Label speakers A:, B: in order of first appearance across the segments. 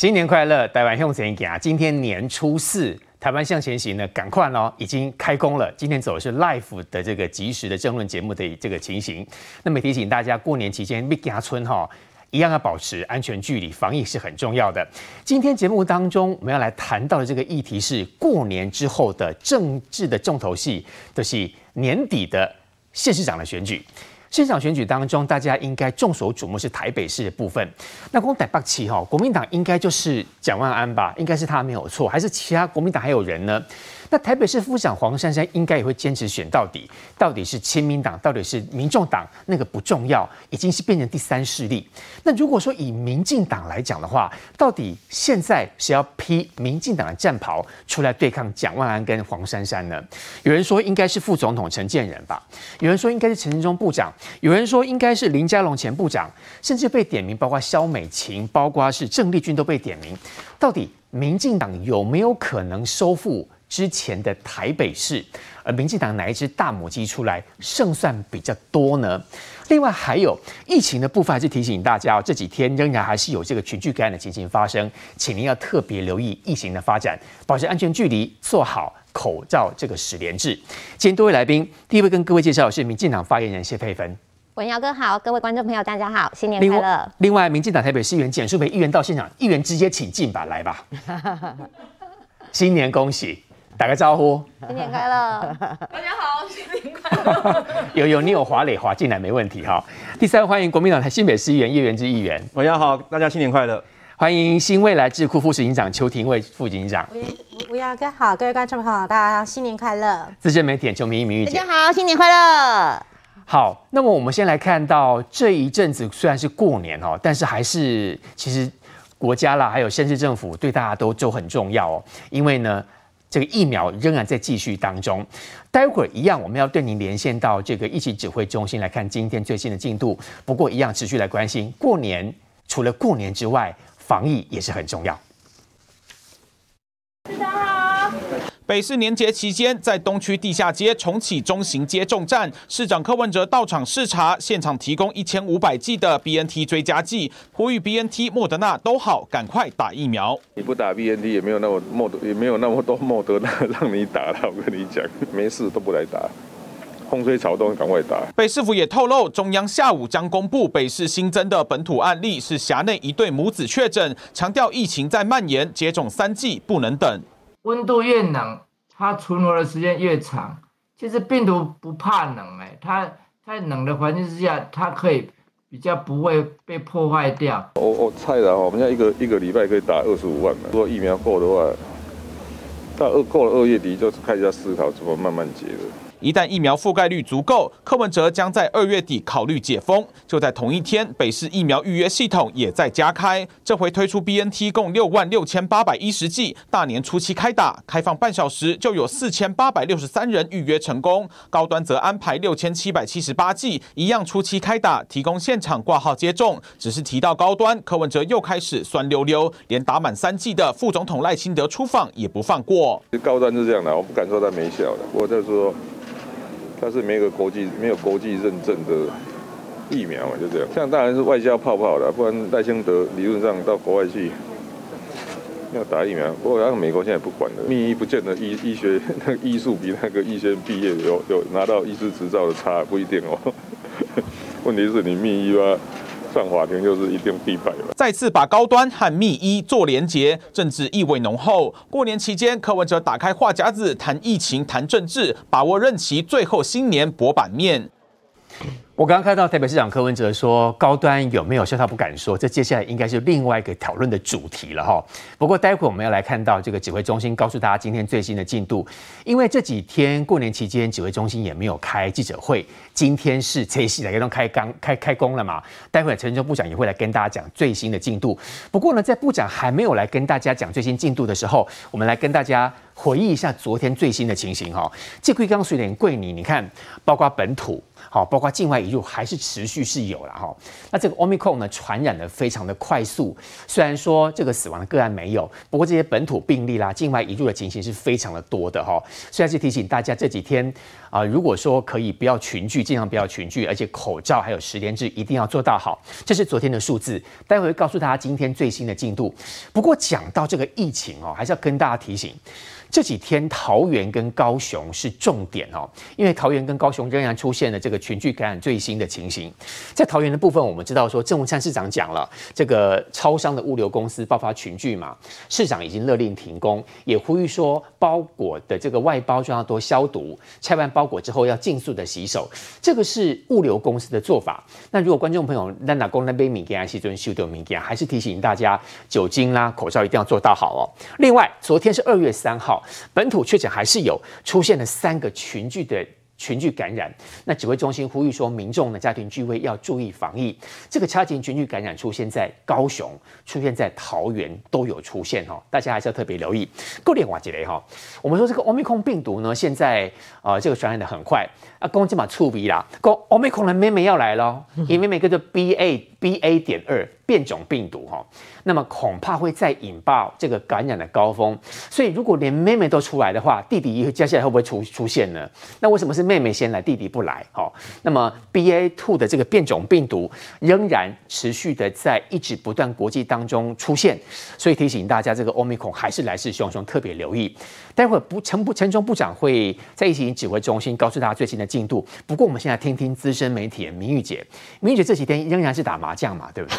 A: 新年快樂！台灣向前行！今天年初四，台灣向前行呢，趕快哦，已經開工了。今天走的是 Life 的這個及時的政論節目的這個情形。那麼提醒大家，過年期間蜜加村哈，一樣要保持安全距離，防疫是很重要的。今天節目當中，我們要來談到的這個議題是過年之後的政治的重頭戲，就是年底的縣市長的選舉。現場選舉當中，大家應該眾所矚目是台北市的部分。那光台北市哈，國民黨應該就是蔣萬安吧？應該是他沒有錯，還是其他國民黨還有人呢？那台北市副市長黃珊珊應該也會堅持選到底，到底是親民黨，到底是民眾黨，那個不重要，已經是變成第三勢力。那如果說以民進黨來講的話，到底現在誰要披民進黨的戰袍出來對抗蔣萬安跟黃珊珊呢？有人說應該是副總統陳建仁吧，有人說應該是陳時中部長，有人說應該是林佳龍前部長，甚至被點名，包括蕭美琴，包括是鄭麗君都被點名。到底民進黨有沒有可能收復？之前的台北市，而民進黨哪一隻大母雞出來勝算比較多呢？另外還有疫情的部分，還是提醒大家這幾天仍然還是有這個群聚感染的情形發生，請您要特別留意疫情的發展，保持安全距離，做好口罩這個實聯制，請多位來賓，第一位跟各位介紹的是民進黨發言人謝佩芬。
B: 文堯
C: 哥好，各位觀眾朋友大家好，新年快樂。
A: 另外，民進黨台北市議員簡舒培議員到現場，議員直接請進吧，來吧，新年恭喜。打個招呼，新年
C: 快
D: 樂！ 大家好，新年
A: 快樂！ 有有，你有華磊華進來沒問題哈、哦。第三，歡迎國民黨新北市議員葉元之議員，大家好，大家新年快樂！歡迎新未來智庫副執行長邱婷蔚副執行長，
E: 吳亞哥好，各位觀眾朋友，大家新年快樂！
A: 資深媒體人邱明玉名譽記大家
E: 好，新年快樂！
A: 好，那麼我們先來看到這一陣子雖然是過年哦，但是還是其實國家啦，還有縣市政府對大家都就很重要哦，因為呢。這個疫苗仍然在繼續當中，待會兒一樣我們要對您連線到這個疫情指揮中心來看今天最新的進度。不過一樣持續來關心，過年除了過年之外，防疫也是很重要。
F: 北市年節期間，在東區地下街重啟中型接種站，市長柯文哲到場視察，現場提供一千五百劑的 B N T 追加劑，呼籲 B N T、莫德納都好，趕快打疫苗。你不打 B N T 也沒有那麼莫德也沒有那麼多莫德納讓你打了，我跟你講，沒事都不來打，風吹草動趕快打。北市府也透露，中央下午將公布北市新增的本土案例是轄內一對母子確診，強調疫情在蔓延，接種三劑不能等。
G: 溫度越冷，它存活的時間越長。其實病毒不怕冷，欸，哎，它在冷的環境之下，它可以比較不會被破壞掉。
H: 我我猜的，我們家一個一個禮拜可以
F: 打二十五萬嘛。如果疫苗夠的話，到二過了二月底，就是開始要思考怎麼慢慢結了。一旦疫苗覆蓋率足夠，柯文哲將在二月底考慮解封。就在同一天，北市疫苗預約系統也在加開，這回推出 BNT 共六萬六千八百一十劑，大年初七開打，開放半小時就有四千八百六十三人預約成功。高端則安排六千七百七十八劑，一樣初期開打，提供現場掛號接種。只是提到高端，柯文哲又開始酸溜溜，連打滿三劑的副總統賴清德出訪也不放過。
H: 高端是這樣的，我不敢說他沒效的，我就說。它是沒，一個國際沒有國際沒有國際認證的疫苗嘛，就這樣。像當然是外交泡泡的，不然賴清德理論上到國外去要打疫苗。不過那個美國現在不管了，密醫不見得醫學、那個、醫學那醫術比那個醫學院畢業有有拿到醫師執照的差不一定哦、喔。問題是你密醫吧。上法庭就是一定必敗了。
F: 再次把高端和密醫做連結，政治意味濃厚。過年期間，柯文哲打開話匣子，談疫情，談政治，把握任期最後新年博版面。我剛剛看到台北市
A: 長柯文哲說，高端有沒有效？他不敢說。這接下來應該是另外一個討論的主題了哈。不過，待會我們要來看到這個指揮中心告訴大家今天最新的進度，因為這幾天過年期間，指揮中心也沒有開記者會。今天是一系列開工開開開工了嘛？待會陳時中部長也會來跟大家講最新的進度。不過呢，在部長還沒有來跟大家講最新進度的時候，我們來跟大家回憶一下昨天最新的情形哈。這塊剛水有點貴年你看，包括本土。好，包括境外移入還是持續是有了哈。那這個 Omicron 呢，傳染的非常的快速。雖然說這個死亡的個案沒有，不過這些本土病例啦、境外移入的情形是非常的多的哈。所以還是提醒大家，這幾天啊、呃，如果說可以不要群聚，盡量不要群聚，而且口罩還有實聯制一定要做到好。這是昨天的數字，待會會告訴大家今天最新的進度。不過講到這個疫情哦，還是要跟大家提醒。這幾天桃園跟高雄是重點哦，因為桃園跟高雄仍然出現了這個群聚感染最新的情形。在桃園的部分，我們知道說，鄭文燦市長講了，這個超商的物流公司爆发群聚嘛，市長已經勒令停工，也呼籲說，包裹的這個外包裝要多消毒，拆完包裹之後要尽速的洗手。這個是物流公司的做法。那如果觀眾朋友，那那公那杯米給啊，西尊秀丟米給啊，還是提醒大家酒精啦、啊、口罩一定要做到好哦。另外，昨天是二月三號。本土確診還是有，出現了三個群聚的群聚感染。那指揮中心呼籲說，民眾的家庭聚會要注意防疫。這個家庭群聚感染出現在高雄，出現在桃園都有出現哈，大家還是要特別留意。夠連瓦幾雷哈，我們說這個 Omicron 病毒呢，現在呃這個傳染得很快。啊，攻擊嘛，臭逼啦！講 o m i c o n 妹妹要來咯，因為妹個的 B A B A 點二變種病毒哈、哦，那麼恐怕會再引爆這個感染的高峰。所以如果連妹妹都出來的話，弟弟接下來會不會出出現呢？那為什麼是妹妹先來，弟弟不來？好、哦，那麼 B A two 的這個變種病毒仍然持續的在一直不斷國際當中出現，所以提醒大家，這個 o m i c o n 還是來勢洶洶，特別留意。待會不陳不陳時中部長會在疫情指揮中心告訴大家最新的進度。不過我們現在聽聽資深媒體的明玉姐，
D: 明玉姐這幾天仍然是打麻將嘛，對不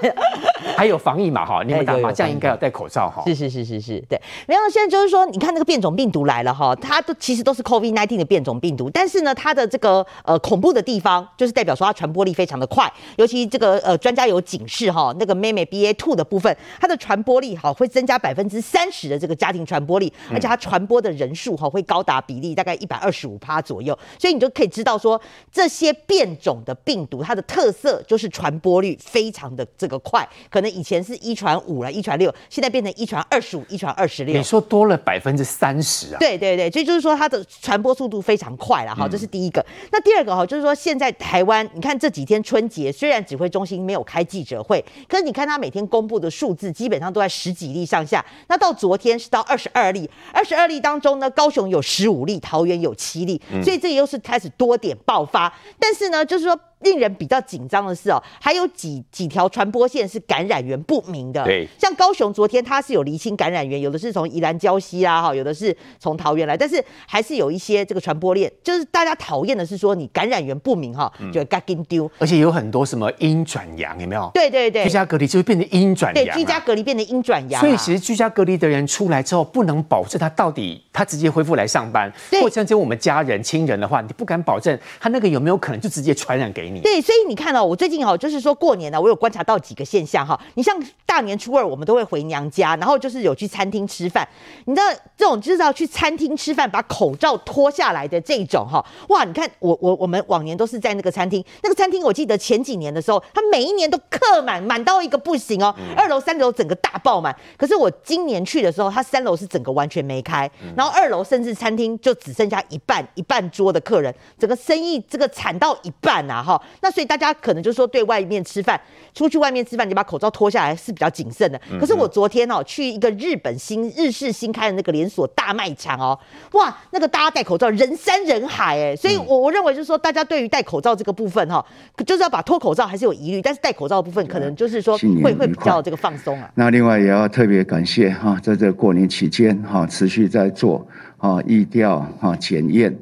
D: 對？ 還有防疫嘛哈，你們打麻將應該要戴口罩哈、哎。是是是是是對，沒有，現在就是說，你看那個變種病毒來了哈，它都其實都是 COVID-19 的變種病毒，但是呢，它的這個呃恐怖的地方就是代表說它傳播力非常的快，尤其這個呃專家有警示哈、哦，那個妹妹 BA2 的部分，它的傳播力好會增加百分之三十的這個家庭傳播力，而且它。傳播的人數哈會高達比例大概一百二十五趴左右，所以你就可以知道說這些變種的病毒它的特色就是傳播率非常的這個快，可能以前是一傳五了，一傳六，現在變成一傳二十五、一傳二十六。你說
A: 多了百分之三十啊？對
D: 對對，所以就是說它的傳播速度非常快了哈，這是第一個。嗯、那第二個哈就是說現在台灣，你看這幾天春節雖然指揮中心沒有開記者會，可是你看他每天公布的數字基本上都在十幾例上下，那到昨天是到二十二例。二十二例當中呢，高雄有十五例，桃園有七例，所以這又是開始多點爆發，但是呢，就是說，令人比較緊張的是哦，還有幾幾條傳播線是感染源不明的。對，像高雄昨天他是有釐清感染源，有的是從宜蘭礁溪啊，哈，有的是從桃園來，但是還是有一些這個傳播鏈，就是大家討厭的是說你感染源不明哈，就會嘎緊丟、嗯。而且有很多什麼陰轉陽，有沒有？對對對,、啊、對，居家隔
A: 離就會變成陰轉陽。對，居家
D: 隔離變成陰轉陽。所以其實
A: 居家隔離的人出來之後，不能保證他到底他直接恢復來上班，對或像這些我們家人親人的話，你不敢保證他那個有沒有可能就直接傳染給你。
D: 對，所以你看哦，我最近哦，就是說過年呢，我有觀察到幾個現象哈、哦。你像大年初二，我們都會回娘家，然後就是有去餐廳吃飯。你知道這種就是要去餐廳吃飯，把口罩脫下來的這種哈、哦，哇！你看我我我們往年都是在那個餐廳，那個餐廳我記得前幾年的時候，它每一年都客滿滿到一個不行哦，嗯、二樓三樓整個大爆滿。可是我今年去的時候，它三樓是整個完全沒開，然後二樓甚至餐廳就只剩下一半一半桌的客人，整個生意這個慘到一半啊哈。那、哦、所以大家可能就是說，對外面吃飯、出去外面吃飯，你把口罩脫下來是比較謹慎的。可是我昨天哦，去一個日本新日式新開的那個連鎖大賣場哦，哇，那個大家戴口罩，人山人海哎。所以，我我認為就是說，大家對於戴口罩這個部分哈、哦，就是要把脫口罩還是有疑慮，但是戴口罩的部分可能就是說會會比較這個放鬆啊、嗯。
G: 那另外也要特別感謝哈、啊，在這個過年期間哈，持續在做啊，疫調啊，檢驗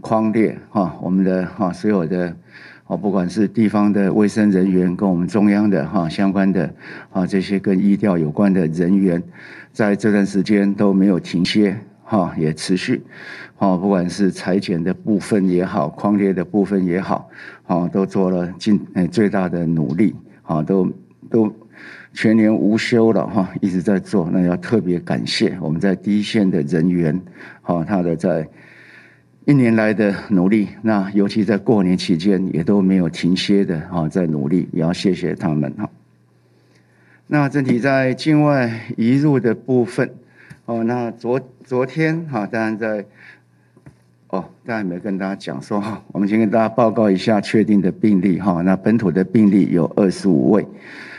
G: 匡列哈，我們的哈、啊、所有的。哦，不管是地方的衛生人員，跟我們中央的哈相關的，啊，這些跟疫調有關的人員，在這段時間都沒有停歇，哈，也持續，啊，不管是採檢的部分也好，匡列的部分也好，啊，都做了盡最大的努力，啊，都都全年無休了哈，一直在做，那要特別感謝我們在第一線的人員，啊，他的在。一年來的努力，那尤其在過年期間也都沒有停歇的哈，在努力，也要謝謝他們哈。那整體在境外移入的部分，哦，那昨昨天哈，當然在哦，當然沒跟大家講說哈。我們先跟大家報告一下確定的病例哈。那本土的病例有二十五位，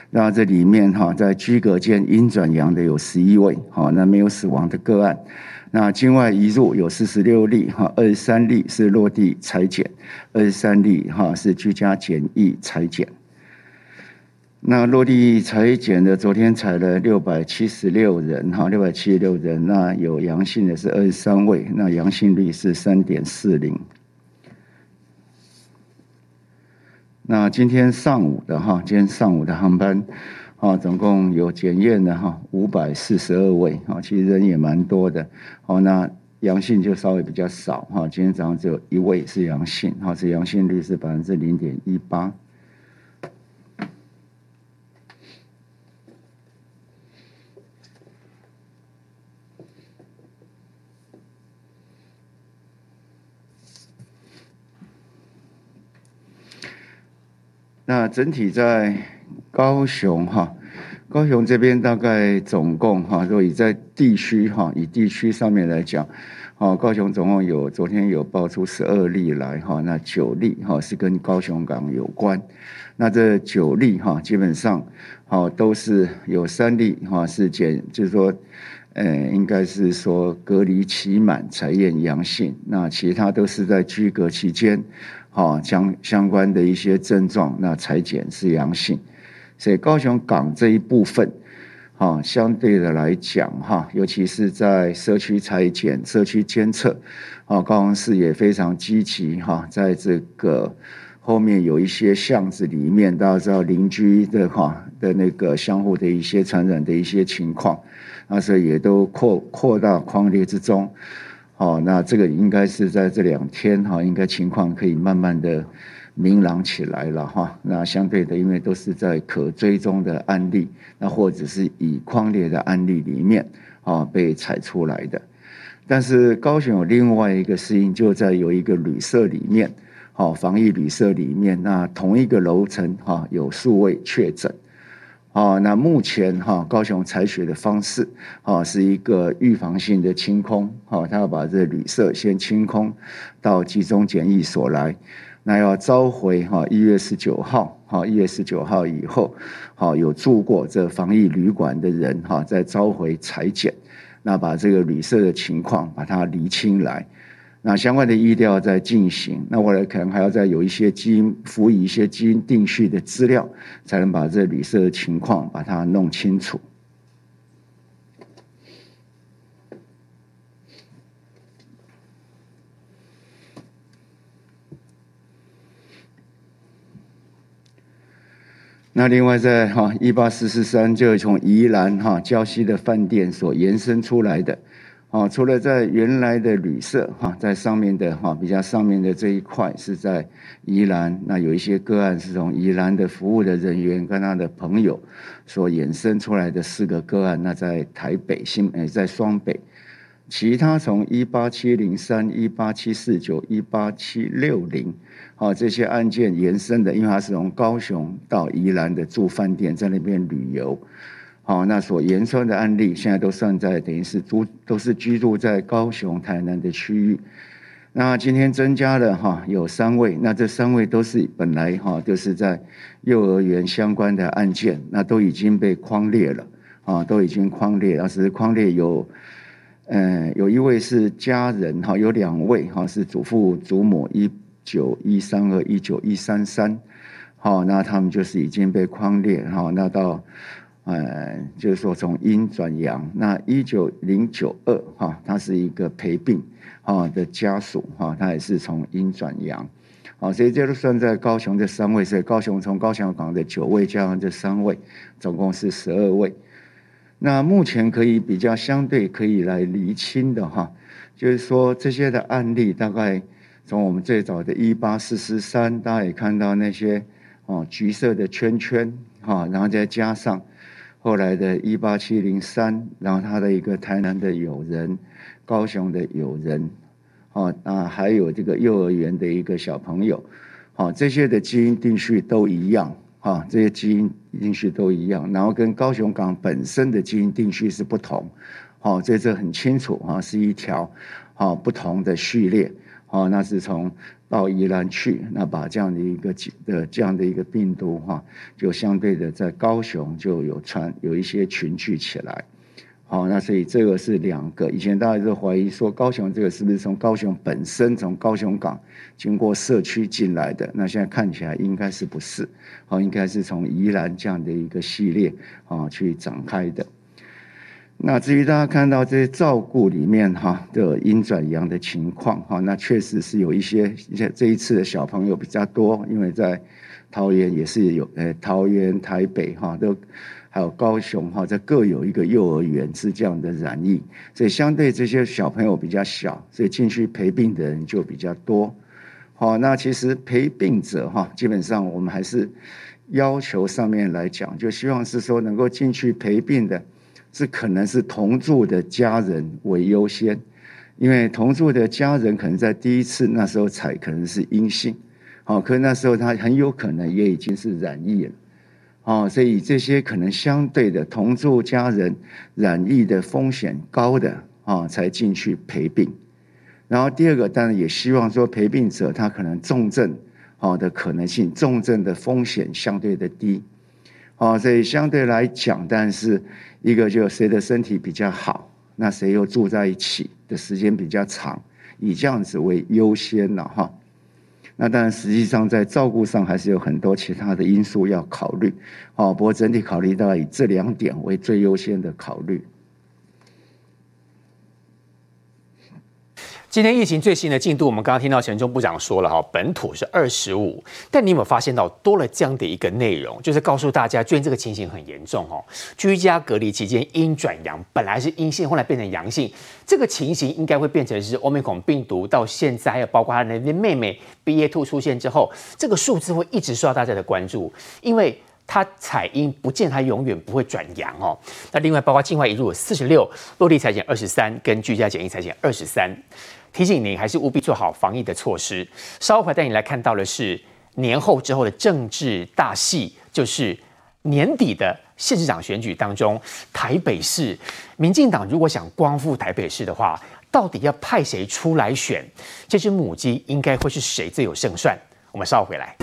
G: 那這裡面哈，在居隔間陰轉陽的有十一位，哈，那沒有死亡的個案。那境外移入有四十六例哈，二十三例是落地採檢，二十三例哈是居家簡易採檢。那落地採檢的，昨天採了六百七十六人哈，六百七十六人，那有陽性的是二十三位，那陽性率是三點四零。那今天上午的哈，今天上午的航班。啊，總共有檢驗的哈，五百四十二位啊，其實人也蠻多的。好，那陽性就稍微比較少哈，今天早上只有一位是陽性，哈，是陽性率是百分之零點一八。那整體在。高雄哈，高雄這邊大概總共哈，若以在地區哈，以地區上面來講，好，高雄總共有昨天有爆出十二例來哈，那九例哈是跟高雄港有關，那這九例哈基本上哈都是有三例哈是檢，就是說，呃應該是說隔離期滿採驗陽性，那其他都是在居隔期間，哈，相相關的一些症狀，那採檢是陽性。所以高雄港這一部分，哈，相對的來講，哈，尤其是在社區採檢、社區監測，啊，高雄市也非常積極，哈，在這個後面有一些巷子裡面，大家知道鄰居的哈的那個相互的一些傳染的一些情況，那時候也都擴擴大匡列之中，哦，那這個應該是在這兩天，哈，應該情況可以慢慢的。明朗起來了哈，那相對的，因為都是在可追蹤的案例，那或者是以匡列的案例裡面啊、哦、被採出來的。但是高雄有另外一個事情，就在有一個旅社裡面，好、哦，防疫旅社裡面，那同一個樓層哈有數位確診啊。那目前哈、哦、高雄採取的方式啊、哦、是一個預防性的清空，哈、哦，他要把這旅社先清空到集中檢疫所來。那要召回哈，一月十九號哈，一月十九號以後，好，有住過這防疫旅館的人哈，再召回採檢。那把這個旅社的情況把它釐清來，那相關的疫調在進行，那我可能還要再有一些基因，輔以一些基因定序的資料，才能把這旅社的情況把它弄清楚。那另外在哈，一八四四三就是從宜蘭哈礁溪的飯店所延伸出來的，啊，除了在原來的旅社哈，在上面的哈比較上面的這一塊是在宜蘭，那有一些個案是從宜蘭的服務的人員跟他的朋友所延伸出來的四個個案，那在台北新，哎在雙北，其他從一八七零三一八七四九一八七六零。好，這些案件延伸的，因為他是從高雄到宜蘭的住飯店，在那邊旅遊。好，那所延伸的案例，現在都算在等於是都都是居住在高雄、台南的區域。那今天增加了哈，有三位，那這三位都是本來哈，就是在幼兒園相關的案件，那都已經被框列了啊，都已經框列，當時框列有，嗯，有一位是家人哈，有兩位哈是祖父祖母一。九一三二一九一三三，好，那他們就是已經被匡列哈。那到，嗯，就是說從陰轉陽。那一九零九二哈，他是一個陪病哈的家屬哈，他也是從陰轉陽。好，所以這都算在高雄這三位，所以高雄從高雄港的九位加上這三位，總共是十二位。那目前可以比較相對可以來釐清的哈，就是說這些的案例大概。從我們最早的一八四四三，大家也看到那些哦橘色的圈圈哈，然後再加上後來的一八七零三，然後他的一個台南的友人、高雄的友人，哦，那還有這個幼兒園的一個小朋友，啊，這些的基因定序都一樣，啊，這些基因定序都一樣，然後跟高雄港本身的基因定序是不同，好，這這很清楚啊是一條啊不同的序列。哦，那是從到宜蘭去，那把這樣的一個的這樣的一個病毒哈，就相對的在高雄就有傳有一些群聚起來。好，那所以這個是兩個，以前大家都懷疑說高雄這個是不是從高雄本身從高雄港經過社區進來的，那現在看起來應該是不是，哦，應該是從宜蘭這樣的一個系列啊去展開的。那至於大家看到這些照顧裡面哈的陰轉陽的情況哈，那確實是有一些一些這一次的小朋友比較多，因為在桃園也是有呃桃園台北哈都還有高雄哈，在各有一個幼兒園是這樣的染疫，所以相對這些小朋友比較小，所以進去陪病的人就比較多。好，那其實陪病者哈，基本上我們還是要求上面來講，就希望是說能夠進去陪病的。是可能是同住的家人為優先，因為同住的家人可能在第一次那時候才可能是陰性，好，可是那時候他很有可能也已經是染疫了，好，所以這些可能相對的同住家人染疫的風險高的啊，才進去陪病。然後第二個，當然也希望說陪病者他可能重症好的可能性，重症的風險相對的低。哦，所以相對來講，但是一個就誰的身體比較好，那誰又住在一起的時間比較長，以這樣子為優先了、啊、哈。那當然，實際上在照顧上還是有很多其他的因素要考慮。哦，不過整體考慮到，以這兩點為最優先的考慮。
A: 今天疫情最新的進度，我們剛剛聽到陳時中部長說了哈，本土是二十五，但你有沒有發現到多了這樣的一個內容，就是告訴大家，最近這個情形很嚴重哦，居家隔離期間陰轉陽，本來是陰性，後來變成陽性，這個情形應該會變成是 Omicron 病毒到現在，還有包括他的妹妹 BA two 出現之後，這個數字會一直受到大家的關注，因為他採陰不見他永遠不會轉陽哦。那另外包括境外移入四十六，落地採檢二十三，跟居家檢疫採檢二十三。提醒您，還是務必做好防疫的措施。稍後會帶你來看到的是年後之後的政治大戲，就是年底的縣市長選舉當中，台北市民進黨如果想光復台北市的話，到底要派誰出來選？這只母雞應該會是誰最有勝算？我們稍後回來。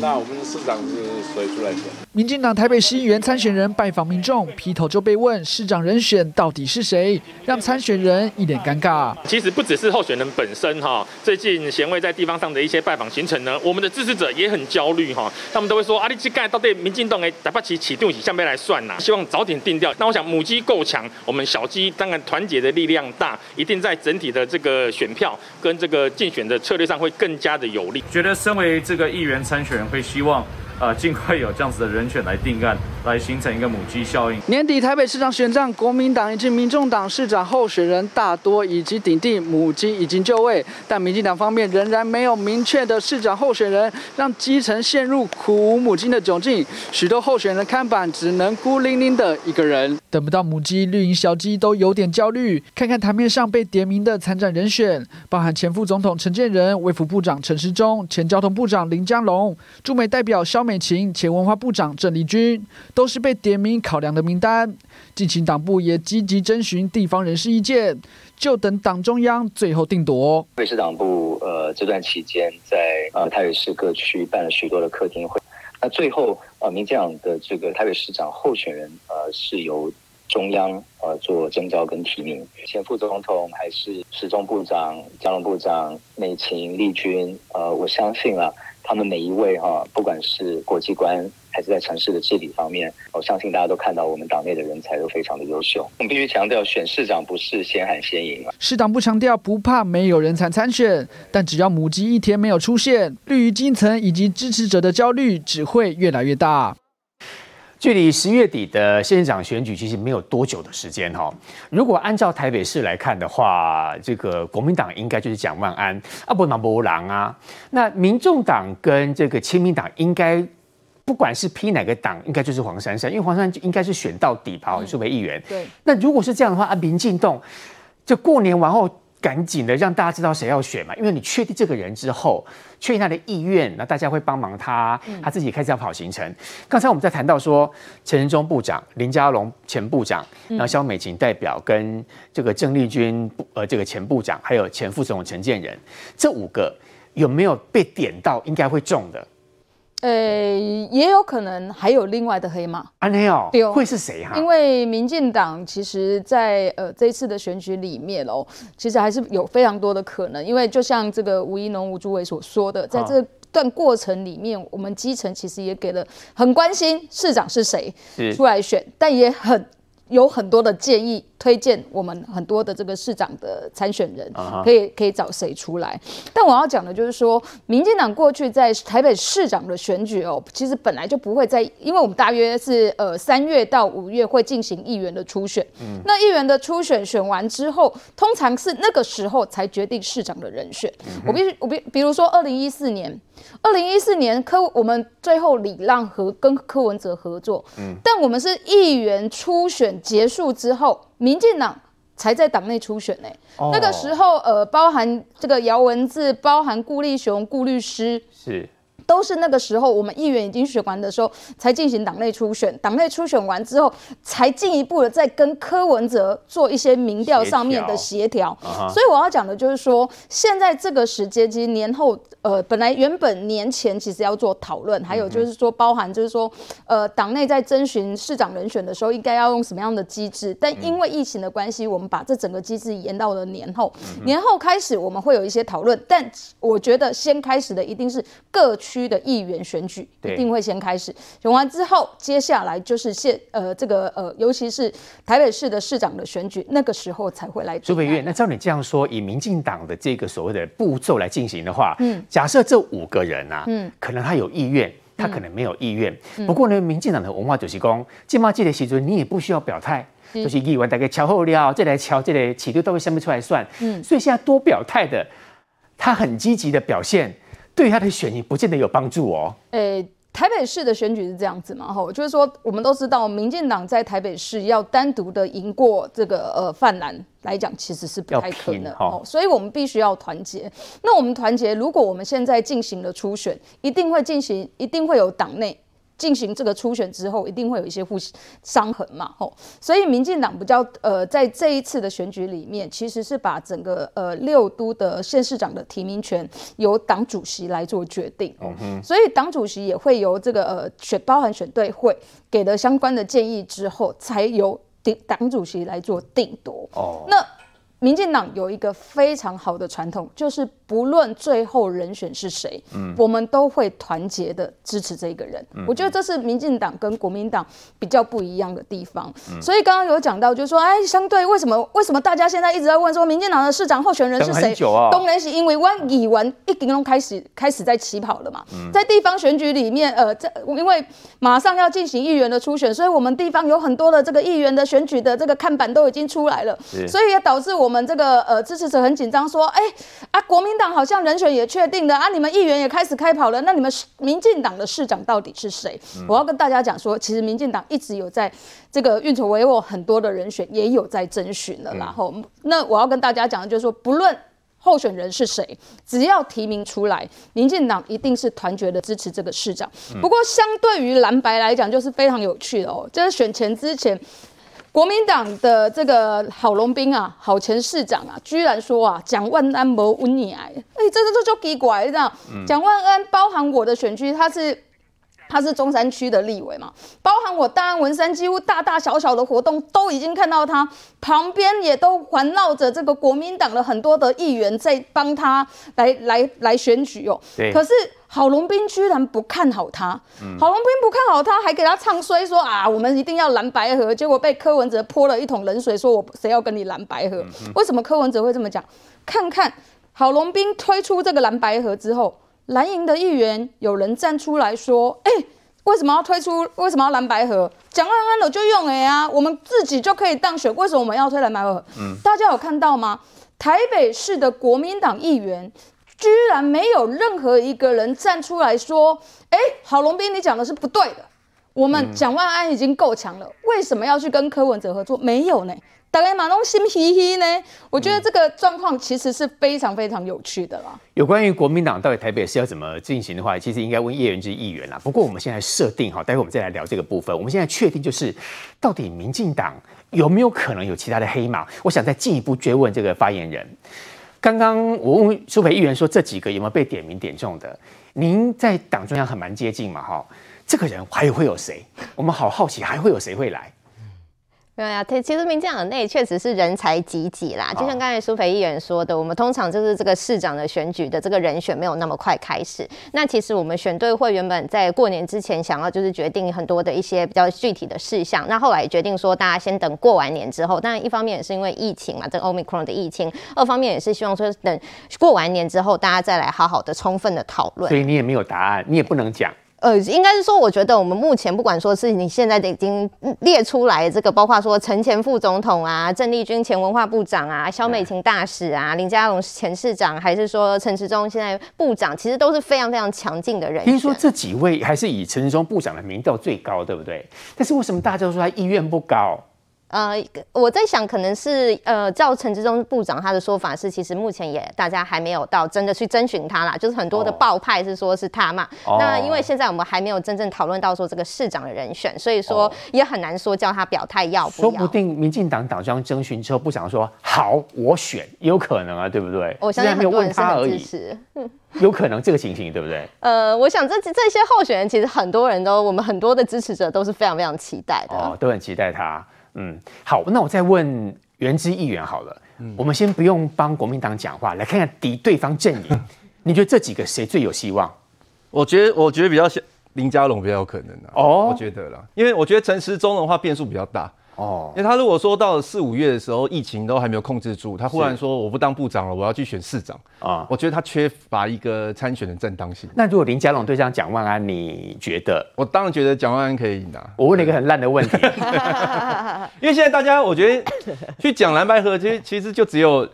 I: 那我們。市長是誰出來選？民進黨台北市議員參選人拜訪民眾，劈頭就被問市長人選到底是誰，讓參選人一臉尷尬。
A: 其實不只是候選人本身哈，最近賢惠在地方上的一些拜訪行程呢，我們的支持者也很焦慮哈，他們都會說：阿里基，蓋到底民進黨哎，打發起啟動起下面來算吶、啊，希望早點定調。那我想母雞夠強，我們小雞當然團結的力量大，一定在整體的這個選票跟這個競選的策略上會更加的有
F: 力。覺得身為這個議員參選人，會希望。望啊，盡快有這樣子的人選來定案。來形成一個母雞效應。
I: 年底台北市長選戰，國民黨以及民眾黨市長候選人大多已經訂定，母雞已經就位，但民進黨方面仍然沒有明確的市長候選人，讓基層陷入苦無母雞的窘境。許多候選人看板只能孤零零的一個人，等不到母雞，綠營小雞都有點焦慮。看看台面上被點名的參戰人選，包含前副總統陳建仁、衛福部長陳時中、前交通部長林佳龍、駐美代表蕭美琴、前文化部長鄭麗君。都是被點名考量的名單，基情黨部也積極徵詢地方人士意見，就等黨中央最後定奪。
G: 北市黨部呃，這段期間在呃，台北市各區辦了許多的客廳會。那最後啊、呃，民進黨的這個台北市長候選人呃，是由中央呃做徵召跟提名，前副總統還是時中部長、佳龍部長、美琴、麗君，呃，我相信了、啊。他們每一位哈，不管是國際觀還是在城市的治理方面，我相信大家都看到我們黨內的人才都非常的優秀。我們必須強調，選市長不是先喊先贏。
I: 市長不強調不怕沒有人才參選，但只要母雞一天沒有出現，綠營基層以及支持者的焦慮只會越來越大。距
A: 離十月底的縣市長選舉，其實沒有多久的時間哈、哦。如果按照台北市來看的話，這個國民黨應該就是蔣萬安啊，不，那伯朗啊。那民眾黨跟這個親民黨應該，不管是批哪個黨，應該就是黃珊珊，因為黃珊珊應該是選到底吧，是為議員。嗯、對。那如果是這樣的話啊，民進動，就過年完後。趕緊的讓大家知道誰要選嘛，因為你確定這個人之後，確定他的意願，那大家會幫忙他，他自己開始要跑行程。嗯、剛才我們在談到說，陳時中部長、林佳龍前部長，嗯、然後蕭美琴代表跟這個鄭麗君，呃，這個前部長還有前副總陳建仁，這五個有沒有被點到？應該會中的。
J: 呃、欸，也有可能還有另外的黑馬
A: 啊，沒有、喔，對會是誰哈？因
J: 為民進黨其實在，在呃這一次的選舉裡面哦，其實還是有非常多的可能。因為就像這個吳怡農、吳朱偉所說的，在這段過程裡面，哦、我們基層其實也給了很關心市長是誰出來選，是但也很。有很多的建議推薦我們很多的這個市長的參選人，Uh huh. 可以可以找誰出來？但我要講的就是說，民進黨過去在台北市長的選舉哦，其實本來就不會在，因為我們大約是呃三月到五月會進行議員的初選，嗯，那議員的初選選完之後，通常是那個時候才決定市長的人選。Uh huh. 我比，我比，比如說二零一四年，二零一四年柯，我們最後禮讓和跟柯文哲合作，嗯，但我們是議員初選。結束之後，民進黨才在黨內初選呢。Oh. 那個時候，呃，包含這個姚文智，包含顧立雄、顧律師，是，都是那個時候，我們議員已經選完的時候，才進行黨內初選。黨內初選完之後，才進一步的再跟柯文哲做一些民調上面的協調。協調 uh huh. 所以我要講的就是說，現在這個時間，其實年後。呃，本來原本，年前其實要做討論，嗯、哼還有就是說包含就是說，呃，黨內在徵詢市長人選的時候，應該要用什麼樣的機制，但因為疫情的關係，嗯、我們把這整個機制延到了年後。嗯、哼年後開始我們會有一些討論，但我覺得先開始的一定是各區的議員選舉，對一定會先開始。選完之後，接下來就是縣呃這個呃，尤其是台北市的市長的選舉，那個時候才會來。舒
A: 培議員，那照你這樣說，以民進黨的這個所謂的步驟來進行的話，嗯。假設這五個人啊，嗯，可能他有意願，他可能沒有意願。嗯，不過呢，民進黨的文化就是說，現在這個時候你也不需要表態，是就是議員大概敲後料，再來敲這類尺度都會上面出來算。嗯，所以現在多表態的，他很積極的表現，對他的選情不見得有幫助哦。
J: 誒。台北市的選舉是這樣子嘛，哈，就是說我們都知道，民進黨在台北市要單獨的贏過這個呃泛藍來講，其實是不太可能，哦，所以我們必須要團結。那我們團結，如果我們現在進行了初選，一定會進行，一定會有黨內。進行這個初選之後，一定會有一些負傷痕嘛，吼，所以民進黨比較呃，在這一次的選舉裡面，其實是把整個呃六都的縣市長的提名權由黨主席來做決定、嗯、哼所以黨主席也會由這個呃選包含選對會給了相關的建議之後，才由黨黨主席來做定奪哦，那。民進黨有一個非常好的傳統，就是不論最後人選是誰，嗯，我們都會團結的支持這一個人。嗯、我覺得這是民進黨跟國民黨比較不一樣的地方。嗯、所以剛剛有講到，就是說，哎，相對為什麼？為什麼大家現在一直在問，說民進黨的市長候選人是誰？等很久、啊、當然是因為我們議員已經都開始開始在起跑了嘛。嗯、在地方選舉裡面，呃，在因為馬上要進行議員的初選，所以我們地方有很多的這個議員的選舉的這個看板都已經出來了，是所以也導致我。我們這個呃支持者很緊張，說，哎、欸、啊，國民黨好像人選也確定了啊，你們議員也開始開跑了，那你們民進黨的市長到底是誰？嗯、我要跟大家講說，其實民進黨一直有在這個運籌帷幄，很多的人選也有在徵詢了，嗯、然後那我要跟大家講的，就是說不論候選人是誰，只要提名出來，民進黨一定是團結的支持這個市長。不過相對於藍白來講，就是非常有趣的哦，就是選前之前。國民黨的這個郝龍斌啊，郝前市長啊，居然說啊，蔣萬安沒忤逆哎，哎、欸，這這這就奇怪，你知道？蔣、嗯、萬安包含我的選區，他是他是中山區的立委嘛，包含我大安、文山，幾乎大大小小的活動都已經看到他旁邊也都環繞着這個國民黨的很多的議員在幫他來來來選舉哦，對可是。郝龍斌居然不看好他，嗯、郝龍斌不看好他，還給他唱衰說啊，我們一定要藍白合。結果被柯文哲潑了一桶冷水，說我誰要跟你藍白合？嗯、哼為什麼柯文哲會這麼講？看看郝龍斌推出這個藍白合之後，藍營的議員有人站出來說，哎、欸，為什麼要推出？為什麼要藍白合？講完完樂就用了呀、啊，我們自己就可以當選，為什麼我們要推藍白合？嗯，大家有看到嗎？台北市的國民黨議員。居然沒有任何一個人站出來說：“哎、欸，郝龍斌，你講的是不對的。我們蔣萬安已經夠強了，為什麼要去跟柯文哲合作？沒有呢，大概馬龍心嘻嘻呢。我覺得這個狀況其實是非常非常有趣的啦。
A: 有關於國民黨到底台北是要怎麼進行的話，其實應該問葉元之議員啦。不過我們現在設定哈，待會我們再來聊這個部分。我們現在確定就是，到底民進黨有沒有可能有其他的黑馬？我想再進一步追問這個發言人。剛剛我問舒培議員說，這幾個有沒有被點名點中的？您在黨中央很蠻接近嘛，哈，這個人還會有誰？我們好好奇，還會有誰會來？
C: 對呀、啊，其實民進黨內確實是人才濟濟啦。就像剛才舒培議員說的，oh. 我們通常就是這個市長的選舉的這個人選沒有那麼快開始。那其實我們選對會原本在過年之前想要就是決定很多的一些比較具體的事項，那後來決定說大家先等過完年之後。當然，一方面也是因為疫情嘛，這個 Omicron 的疫情；二方面也是希望說等過完年之後大家再來好好的充分的討論。所以
A: 你也沒有答案，你也不能講。
C: 呃，應該是說，我覺得我們目前不管說是你現在的已經列出來這個，包括說陳前副總統啊、鄭麗君前文化部長啊、蕭美琴大使啊、對林佳龍前市長，還是說陳時中現在部長，其實都是非常非常強勁的人。聽說
A: 這幾位還是以陳時中部長的民調最高，對不對？但是為什麼大家都說他意願不高？
C: 呃，我在想，可能是呃，照陳時中部長他的說法是，其實目前也大家還沒有到真的去徵詢他啦，就是很多的報派，是說是他嘛。哦、那因為現在我們還沒有真正討論到說這個市長的人選，所以說也很難說叫他表態要不要。說不
A: 定民進黨黨中央徵詢之後不想說好，我選有可能啊，對不對？我現在沒有問他而已，
C: 嗯、
A: 有可能這個情形對不對？
C: 呃，我想這這些候選人其實很多人都，我們很多的支持者都是非常非常期待的
A: 哦，都很期待他。嗯，好，那我再問元之議員好了。嗯、我們先不用幫國民黨講話，來看看敵對方陣營，呵你覺得這幾個誰最有希望？
H: 我覺得，我覺得比較像
A: 林佳龍比較有可能的、啊。
H: 哦，我覺得啦，因為我覺得陳時中的話變數比較大。哦，因為他如果說到了四五月的時候，疫情都還沒有控制住，他忽然說我不當部長了，我要去選市長啊，哦、我覺得他缺乏一個參選的正當性。那如果林佳龍對上蔣萬安，你覺得？我當然覺得蔣萬安可以拿。我問了一個很爛的問題， 因為現在大家我覺
D: 得
H: 去講藍白合，其實其實就只有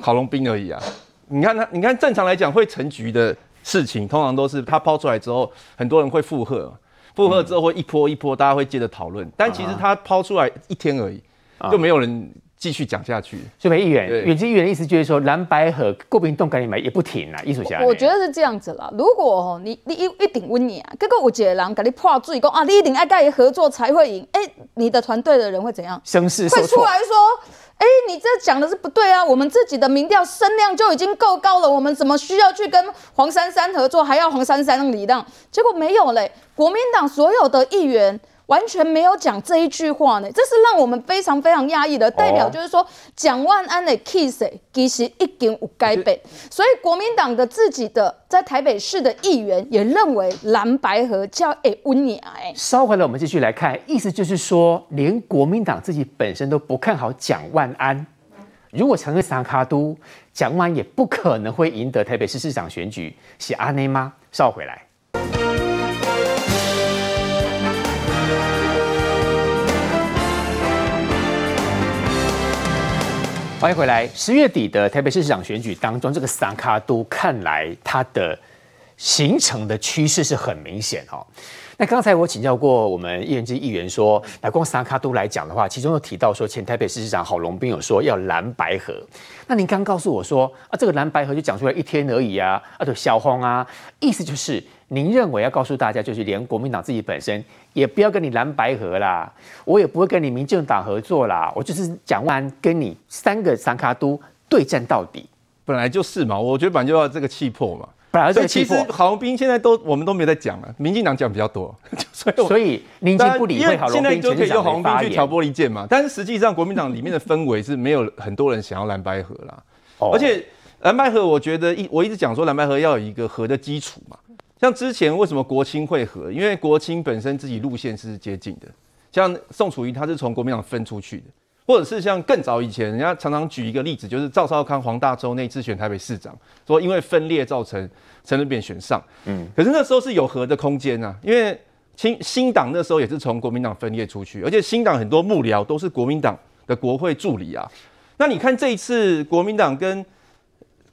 H: 郝龍斌而已啊。你看他，你看正常來講會成局的事情，通常都是他拋出來之後，很多人會附和。附和之後會一波一波，大家會接着討論，嗯、但其實他拋出來一天而已，啊、就沒有人。繼續講下去，是不議員？對
A: 遠期議員的意思就是說，藍白和國民黨跟你買也不停啊，藝術家。
J: 我覺得是這樣子啦。如果哦，你你一定一頂溫尼啊，跟個五姐郎跟你破嘴功啊，你頂愛蓋爺合作才會贏。哎，你的團隊的人會怎樣？聲勢會出來說，哎，你這講的是不對啊。我們自己的民調聲量就已經夠高了，我們怎麼需要去跟黃珊珊合作，還要黃珊珊讓李讓？結果沒有嘞。國民黨所有的議員。完全沒有講這一句話呢，這是讓我們非常非常訝異的。代表就是說，蔣、哦、萬安的 kiss 其實一點無改變，是所以國民黨的自己的在台北市的議員也認為藍白河叫誒烏尼埃。
A: 燒回來，我們繼續來看，意思就是說，連國民黨自己本身都不看好蔣萬安，如果成為三卡都，蔣萬也不可能會贏得台北市市長選舉，是阿內媽燒回來。歡迎回來。十月底的台北市市長選舉當中，這個三腳督看來它的形成的趨勢是很明顯哦。那剛才我請教過我們葉元之議員說，那光三腳督來講的話，其中有提到說，前台北市市長郝龍斌有說要藍白合。那您剛告訴我說，啊，這個藍白合就講出來一天而已啊，啊，對，消風啊，意思就是。您認為要告訴大家，就是連國民黨自己本身也不要跟你藍白合啦，我也不會跟你民進黨合作啦，我就是講完跟你三個三卡都對戰到底。
H: 本來就是嘛，我覺得本來就要這個氣魄嘛。本來就是這個氣魄。其實郝龍斌現在都我們都沒在講了，民進黨講比較多， 所以我所以民進不理會因為現在就可以用郝龍斌去挑撥離間嘛。言但是實際上國民黨裡面的氛圍是沒有很多人想要藍白合啦， 而且藍白合我覺得一我一直講說藍白合要有一個合的基礎嘛。像之前為什麼國親會合？因為國親本身自己路線是接近的。像宋楚瑜他是從國民黨分出去的，或者是像更早以前，人家常常舉一個例子，就是趙少康、黃大洲那次選台北市長，說因為分裂造成陳水扁選上。嗯，可是那時候是有合的空間啊，因為新黨那時候也是從國民黨分裂出去，而且新黨很多幕僚都是國民黨的國會助理啊。那你看這一次國民黨跟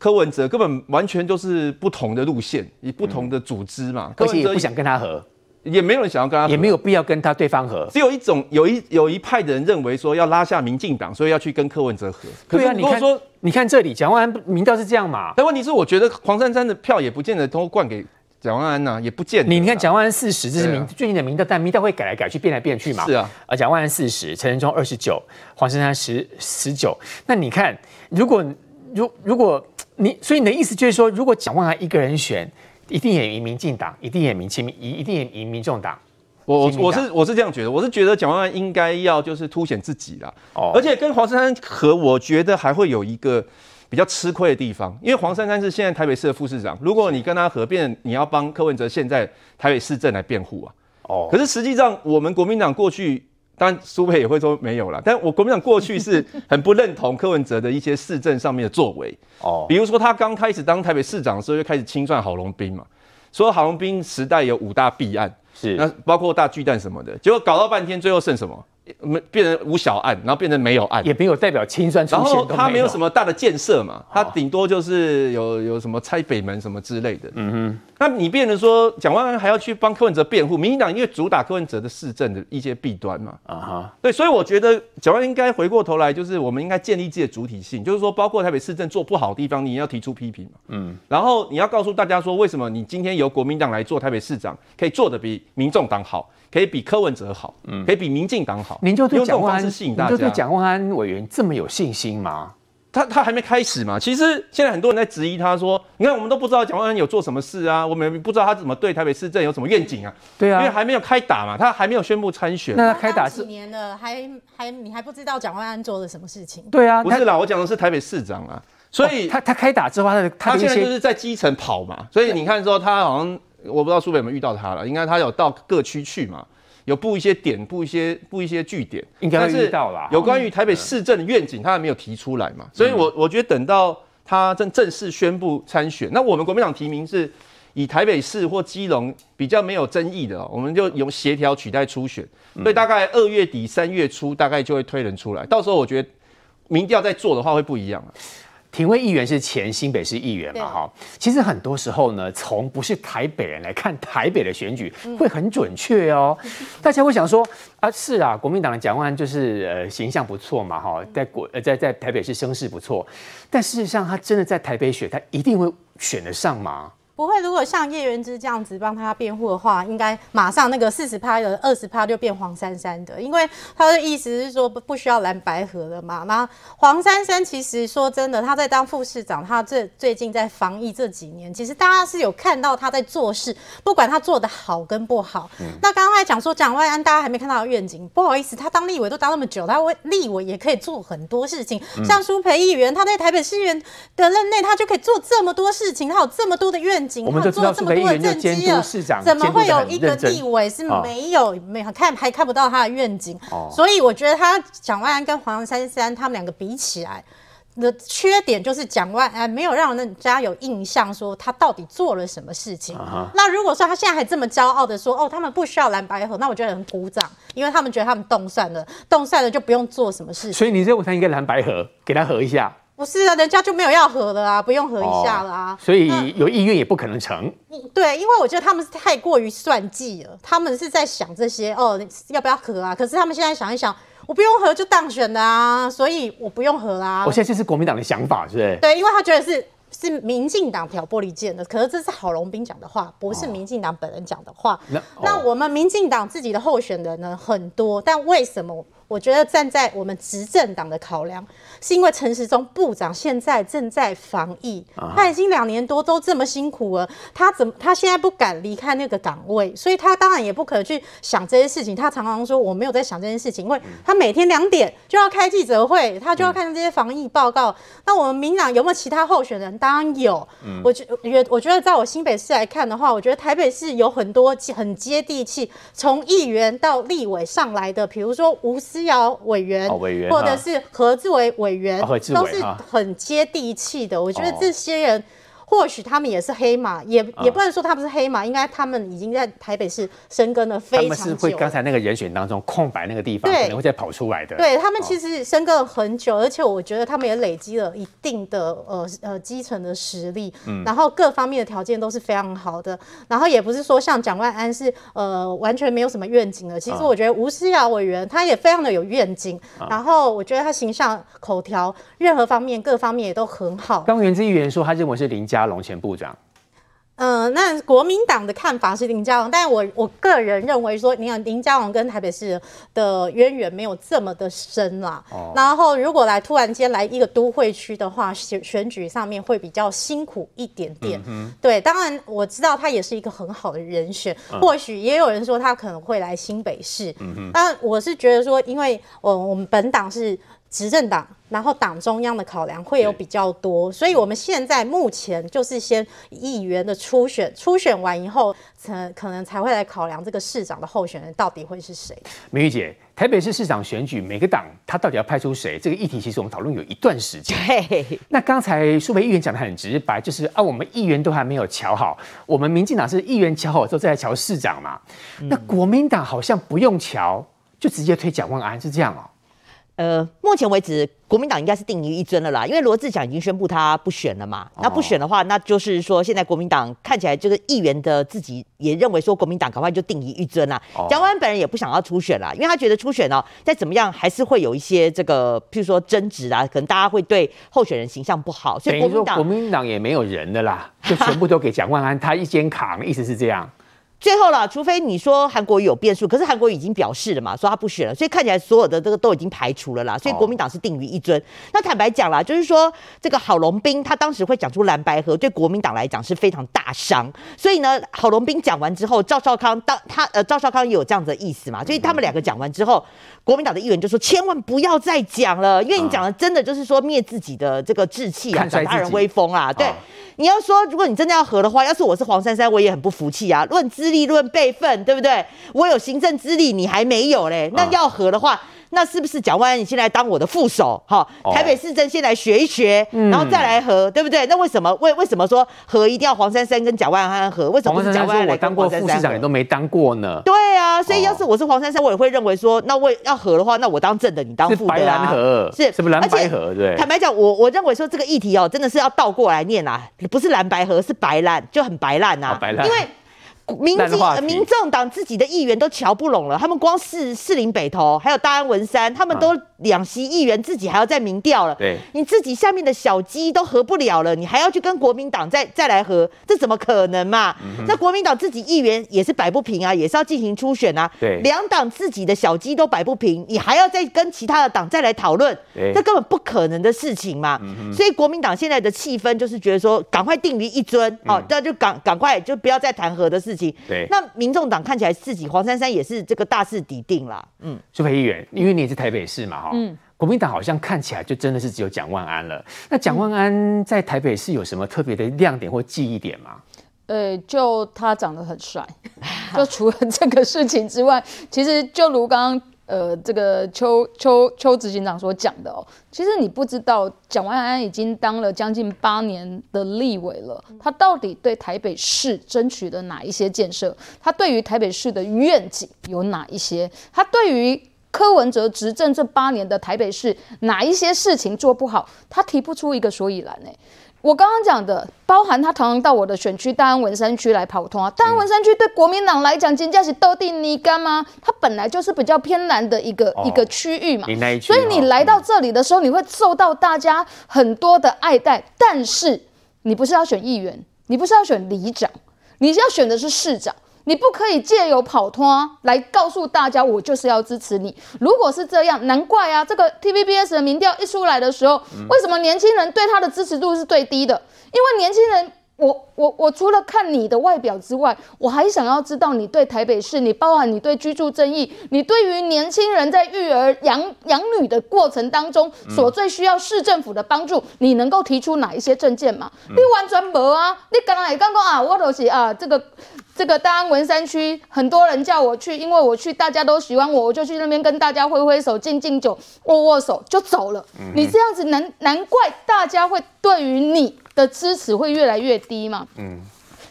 H: 柯文哲根本完全都是不同的路線，以不同的組織嘛。嗯、柯文哲也也不想跟他合，也沒有人想要跟他合，也沒有必要跟他對方合。只有一種，有一有一派的人認為說要拉下民進黨，所以要去跟柯文哲合。對啊，你如果說
A: 你看這裡，蔣萬安民調是這樣嘛？但問題是，我覺得黃珊珊的票也不見得都灌給蔣萬安吶、啊，也不見得。你，你看蔣萬安四十，這是民、啊、最近的民調，但民調會改來改去，變來變去嘛？是啊，而蔣萬安四十，陳仁忠二十九，黃珊珊十十九。那你看，如果如如果你所以你的意思就是說，如果蔣萬安一個人選，一定也以民進黨，一定也民親民，一定也以民眾黨。我我是
H: 我是這樣覺得，我是覺得蔣萬安應該要就是凸顯自己啦。哦，而且跟黃珊珊合，我覺得還會有一個比較吃虧的地方，因為黃珊珊是現在台北市的副市長。如果你跟他合併，你要幫柯文哲現在台北市政來辯護啊。哦，可是實際上我們國民黨過去。但舒培也會說沒有了，但我國民黨過去是很不認同柯文哲的一些市政上面的作為，哦，比如說他剛開始當台北市長的時候，就開始清算郝龍斌嘛，說郝龍斌時代有五大弊案，是那包括大巨蛋什麼的，結果搞到半天，最後剩什麼？沒變成無小案，然後變成沒有案，也沒有代表清算。然後他沒有什麼大的建設嘛，哦、他頂多就是有有什麼拆北門什麼之類的。嗯哼，那你變成說，蔣萬安還要去幫柯文哲辯護？民進黨因為主打柯文哲的市政的一些弊端嘛。啊哈，對，所以我覺得蔣萬安應該回過頭來，就是我們應該建立自己的主體性，就是說，包括台北市政做不好的地方，你要提出批評。嗯，然後你要告訴大家說，為什麼你今天由國民黨來做台北市長，可以做得比民眾黨好？可以比柯文哲好，嗯，可以比民進黨好。用這種方式吸引大家。您就對蔣
A: 萬安委員這麼有信心嗎？他他
H: 還沒開始嘛。其實現在很多人在質疑他說，你看我們都不知道蔣萬安有做什麼事啊，我們不知道他怎麼對台北市政有什麼願景啊。對啊，因為還沒有開打嘛，他還沒有宣布參選。那他開打是
E: 幾年了，還還你還不知道蔣萬安做了什麼事情？對啊，不
H: 是啦，我講的是台北市長啊。
A: 所以、哦、他他開打之後他的，他
E: 的
H: 他現在就是在基層跑嘛。所以你看說他好像。我不知道蘇北有沒有遇到他了，應該他有到各區去嘛，有布一些點，布一些布一些據點，應該是有關於台北市政的願景，他還沒有提出來嘛，所以我我覺得等到他正正式宣布參選，那我們國民黨提名是以台北市或基隆比較沒有爭議的，我們就用協調取代初選，所以大概二
A: 月底三月初大概就會推人出來，到時候我覺得民調在做的話會不一樣了。婷蔚議員是前新北市議員嘛？哈，其實很多時候呢，從不是台北人來看台北的選舉會很準確哦。嗯、大家會想說啊，是啊，國民黨的蔣萬安就是呃形象不錯嘛，哈、呃，在國在在台北市聲勢不錯，但事實上他真的在台北選，他一定會選得上嗎？
E: 不會，如果像葉元之這樣子幫他辯護的話，應該馬上那個四十趴的二十趴就變黃珊珊的，因為他的意思是說不不需要藍白合了嘛。那黃珊珊其實說真的，他在當副市長，他這最近在防疫這幾年，其實大家是有看到他在做事，不管他做的好跟不好。嗯、那剛剛還講說蔣萬安大家還沒看到願景，不好意思，他當立委都當那麼久，他為立委也可以做很多事情，像舒培議員他在台北市議員的任內，他就可以做這麼多事情，他有這麼多的願景。我們知道他做了這麼多的政績怎麼會有一個地位是沒有、哦沒、沒看還看不到他的願景？所以我覺得他蔣萬安跟黃珊珊他們兩個比起來的缺點，就是蔣萬安沒有讓人家有印象，說他到底做了什麼事情。那如果說他現在還這麼驕傲的說，哦，他們不需要藍白合，那我覺得很鼓掌，因為他們覺得他們凍蒜了，凍蒜了就不用做什麼事情。所
A: 以你認為他應該藍白合，給他合一下。
E: 不是啊，人家就沒有要合了啊，不用合一下了、啊 oh,
A: 所以有意願也不可能成。
E: 對，因為我覺得他們是太過於算計了，他們是在想這些哦，要不要合啊？可是他們現在想一想，我不用合就當選了啊，所以我不用合啦、啊。我、oh, 現
A: 在就是國民黨的想法，對不對？對，
E: 因為他覺得是是民進黨挑撥離間的，可是這是郝龍斌講的話，不是民進黨本人講的話。Oh. 那、oh. 那我們民進黨自己的候選人呢很多，但為什麼？我覺得站在我們執政黨的考量，是因為陳時中部長現在正在防疫，uh huh. 他已經兩年多都這麼辛苦了，他怎麼他現在不敢離開那個崗位，所以他當然也不可能去想這些事情。他常常說我沒有在想這件事情，因為他每天兩點就要開記者會，他就要看這些防疫報告。Uh huh. 那我們民進黨有沒有其他候選人？當然有。我覺覺我覺得在我新北市來看的話，我覺得台北市有很多很接地氣，從議員到立委上來的，比如說吳思。思瑤委員，哦、委員或者是何志偉委員，啊、都是很接地氣的。啊、我覺得這些人。或許他們也是黑馬，也、嗯、也不能說他不是黑馬。應該他們已經在台北市生根了非常久。他們是會剛
A: 才那個人選當中空白那個地方，對可能會再跑出來的。對，他
E: 們其實生根了很久，哦、而且我覺得他們也累積了一定的呃呃基層的實力，嗯、然後各方面的條件都是非常好的。然後也不是說像蔣萬安是呃完全沒有什麼願景的。其實我覺得吳思瑤委員他也非常的有願景，嗯、然後我覺得他形象、口條、任何方面、各方面也都很好。
A: 剛元之議員說他認為是林家龍、啊、前部長，
E: 嗯、呃，那國民黨的看法是林佳龍，但我我個人認為說林林佳龍跟台北市的淵源沒有這麼的深啦。哦、然後如果來突然間來一個都會區的話，選選舉上面會比較辛苦一點點。嗯哼，對，當然我知道他也是一個很好的人選，或許也有人說他可能會來新北市。嗯嗯哼，但我是覺得說，因為我我們本黨是。執政黨，然後黨中央的考量會有比較多，對所以我們現在目前就是先議員的初選，初選完以後，才可能才會來考量這個市長的候選人到底會是誰。
A: 明玉姐，台北市市長選舉，每個黨他到底要派出誰？這個議題其實我們討論有一段時間。對那剛才舒培議員講的很直白，就是啊，我們議員都還沒有喬好，我們民進黨是議員喬好之後再來喬市長嘛。嗯、那國民黨好像不用喬，就直接推
D: 蔣萬安，是這樣哦、喔？呃，目前為止，國民黨應該是定於一尊了啦，因為羅智強已經宣布他不選了嘛。那不選的話，那就是說現在國民黨看起來就是議員的自己也認為說國民黨趕快就定於一尊啦。蔣萬安本人也不想要初選啦，因為他覺得初選哦，再怎麼樣還是會有一些這個，譬如說爭執啊，可能大家會對候選人形象不好。所以國民黨也沒有人的啦，就全部都給蔣萬安他一肩扛，意思是這樣。最後了，除非你說韓國瑜有變數，可是韓國瑜已經表示了嘛，說他不選了，所以看起來所有的這個都已經排除了啦，所以國民黨是定於一尊。哦、那坦白講啦，就是說這個郝龍斌他當時會講出藍白合對國民黨來講是非常大傷。所以呢，郝龍斌講完之後，趙少康當他，他呃趙少康也有這樣子的意思嘛，所以他們兩個講完之後，國民黨的議員就說千萬不要再講了，因為你講了真的就是說滅自己的這個志氣啊，長他人威風啊。對，哦、你要說如果你真的要合的話，要是我是黃珊珊，我也很不服氣啊，論資。理論輩分對不對？我有行政資歷，你還沒有嘞。那要合的話，那是不是蔣萬安你先來當我的副手？好，台北市政先來學一學，然後再來合、嗯、對不對？那為什麼？為為什麼說合一定要黃珊珊跟蔣萬安合？為什麼不是蔣萬安？我當過副市長也
A: 都沒當過呢。
D: 對啊，所以要是我是黃珊珊，我也會認為說，那我要合的話，那我當正的，你當副的啊。是，是白藍合，是不是藍白合，是什麼藍白合？對。坦白講，我我認為說這個議題哦，真的是要倒過來念啊，不是藍白合，是白爛就很白爛啊，啊因為。民進、民眾黨自己的議員都瞧不攏了，他們光是士林北投還有大安文山，他們都兩席議員自己還要再民調了。你自己下面的小雞都合不了了，你還要去跟國民黨再再來合，這怎麼可能嘛、啊？那國民黨自己議員也是擺不平啊，也是要進行初選啊。對，兩黨自己的小雞都擺不平，你還要再跟其他的黨再來討論，這根本不可能的事情嘛。所以國民黨現在的氣氛就是覺得說，趕快定於一尊哦，那就趕趕快就不要再談和的事情。對，那民眾黨看起來自己黃珊珊也是這個大勢已定了。
A: 嗯，舒培議員，因為你也是台北市嘛，哈、嗯，國民黨好像看起來就真的是只有蔣萬安了。那蔣萬安在台北市有什麼特別的亮點或記憶點嗎？嗯、
J: 呃，就他長得很帥。 就除了這個事情之外，其實就如剛剛。呃，這個邱邱邱執行長所講的哦、喔，其實你不知道，蔣萬安已經當了將近八年的立委了，他到底對台北市爭取的哪一些建設？他對於台北市的願景有哪一些？他對於柯文哲執政這八年的台北市哪一些事情做不好，他提不出一個所以然呢、欸？我剛剛講的，包含他同樣到我的選區大安文山區來跑通啊，大安文山區對國民黨來講真，簡直是鬥地你幹嗎？它本來就是比較偏南的一個、哦、一個區域嘛，哦、所以你來到這裡的時候，你會受到大家很多的愛戴。嗯、但是你不是要選議員，你不是要選里長，你是要選的是市長。你不可以借由跑脫、啊、來告訴大家，我就是要支持你。如果是這樣，難怪，啊，這個 TVBS 的民調一出來的時候，嗯、為什麼年輕人對他的支持度是最低的？因為年輕人，我我我除了看你的外表之外，我還想要知道你對台北市，你包含你對居住正義，你對於年輕人在育兒養養女的過程當中所最需要市政府的幫助，你能夠提出哪一些政見嗎？嗯、你完全沒。啊，你剛剛也講啊，我都、就是啊這個。這個大安文山區很多人叫我去，因為我去大家都喜歡我，我就去那邊跟大家揮揮手、敬敬酒、握握手就走了。嗯、哼你這樣子難難怪大家會對於你的支持會越來越低嘛？嗯。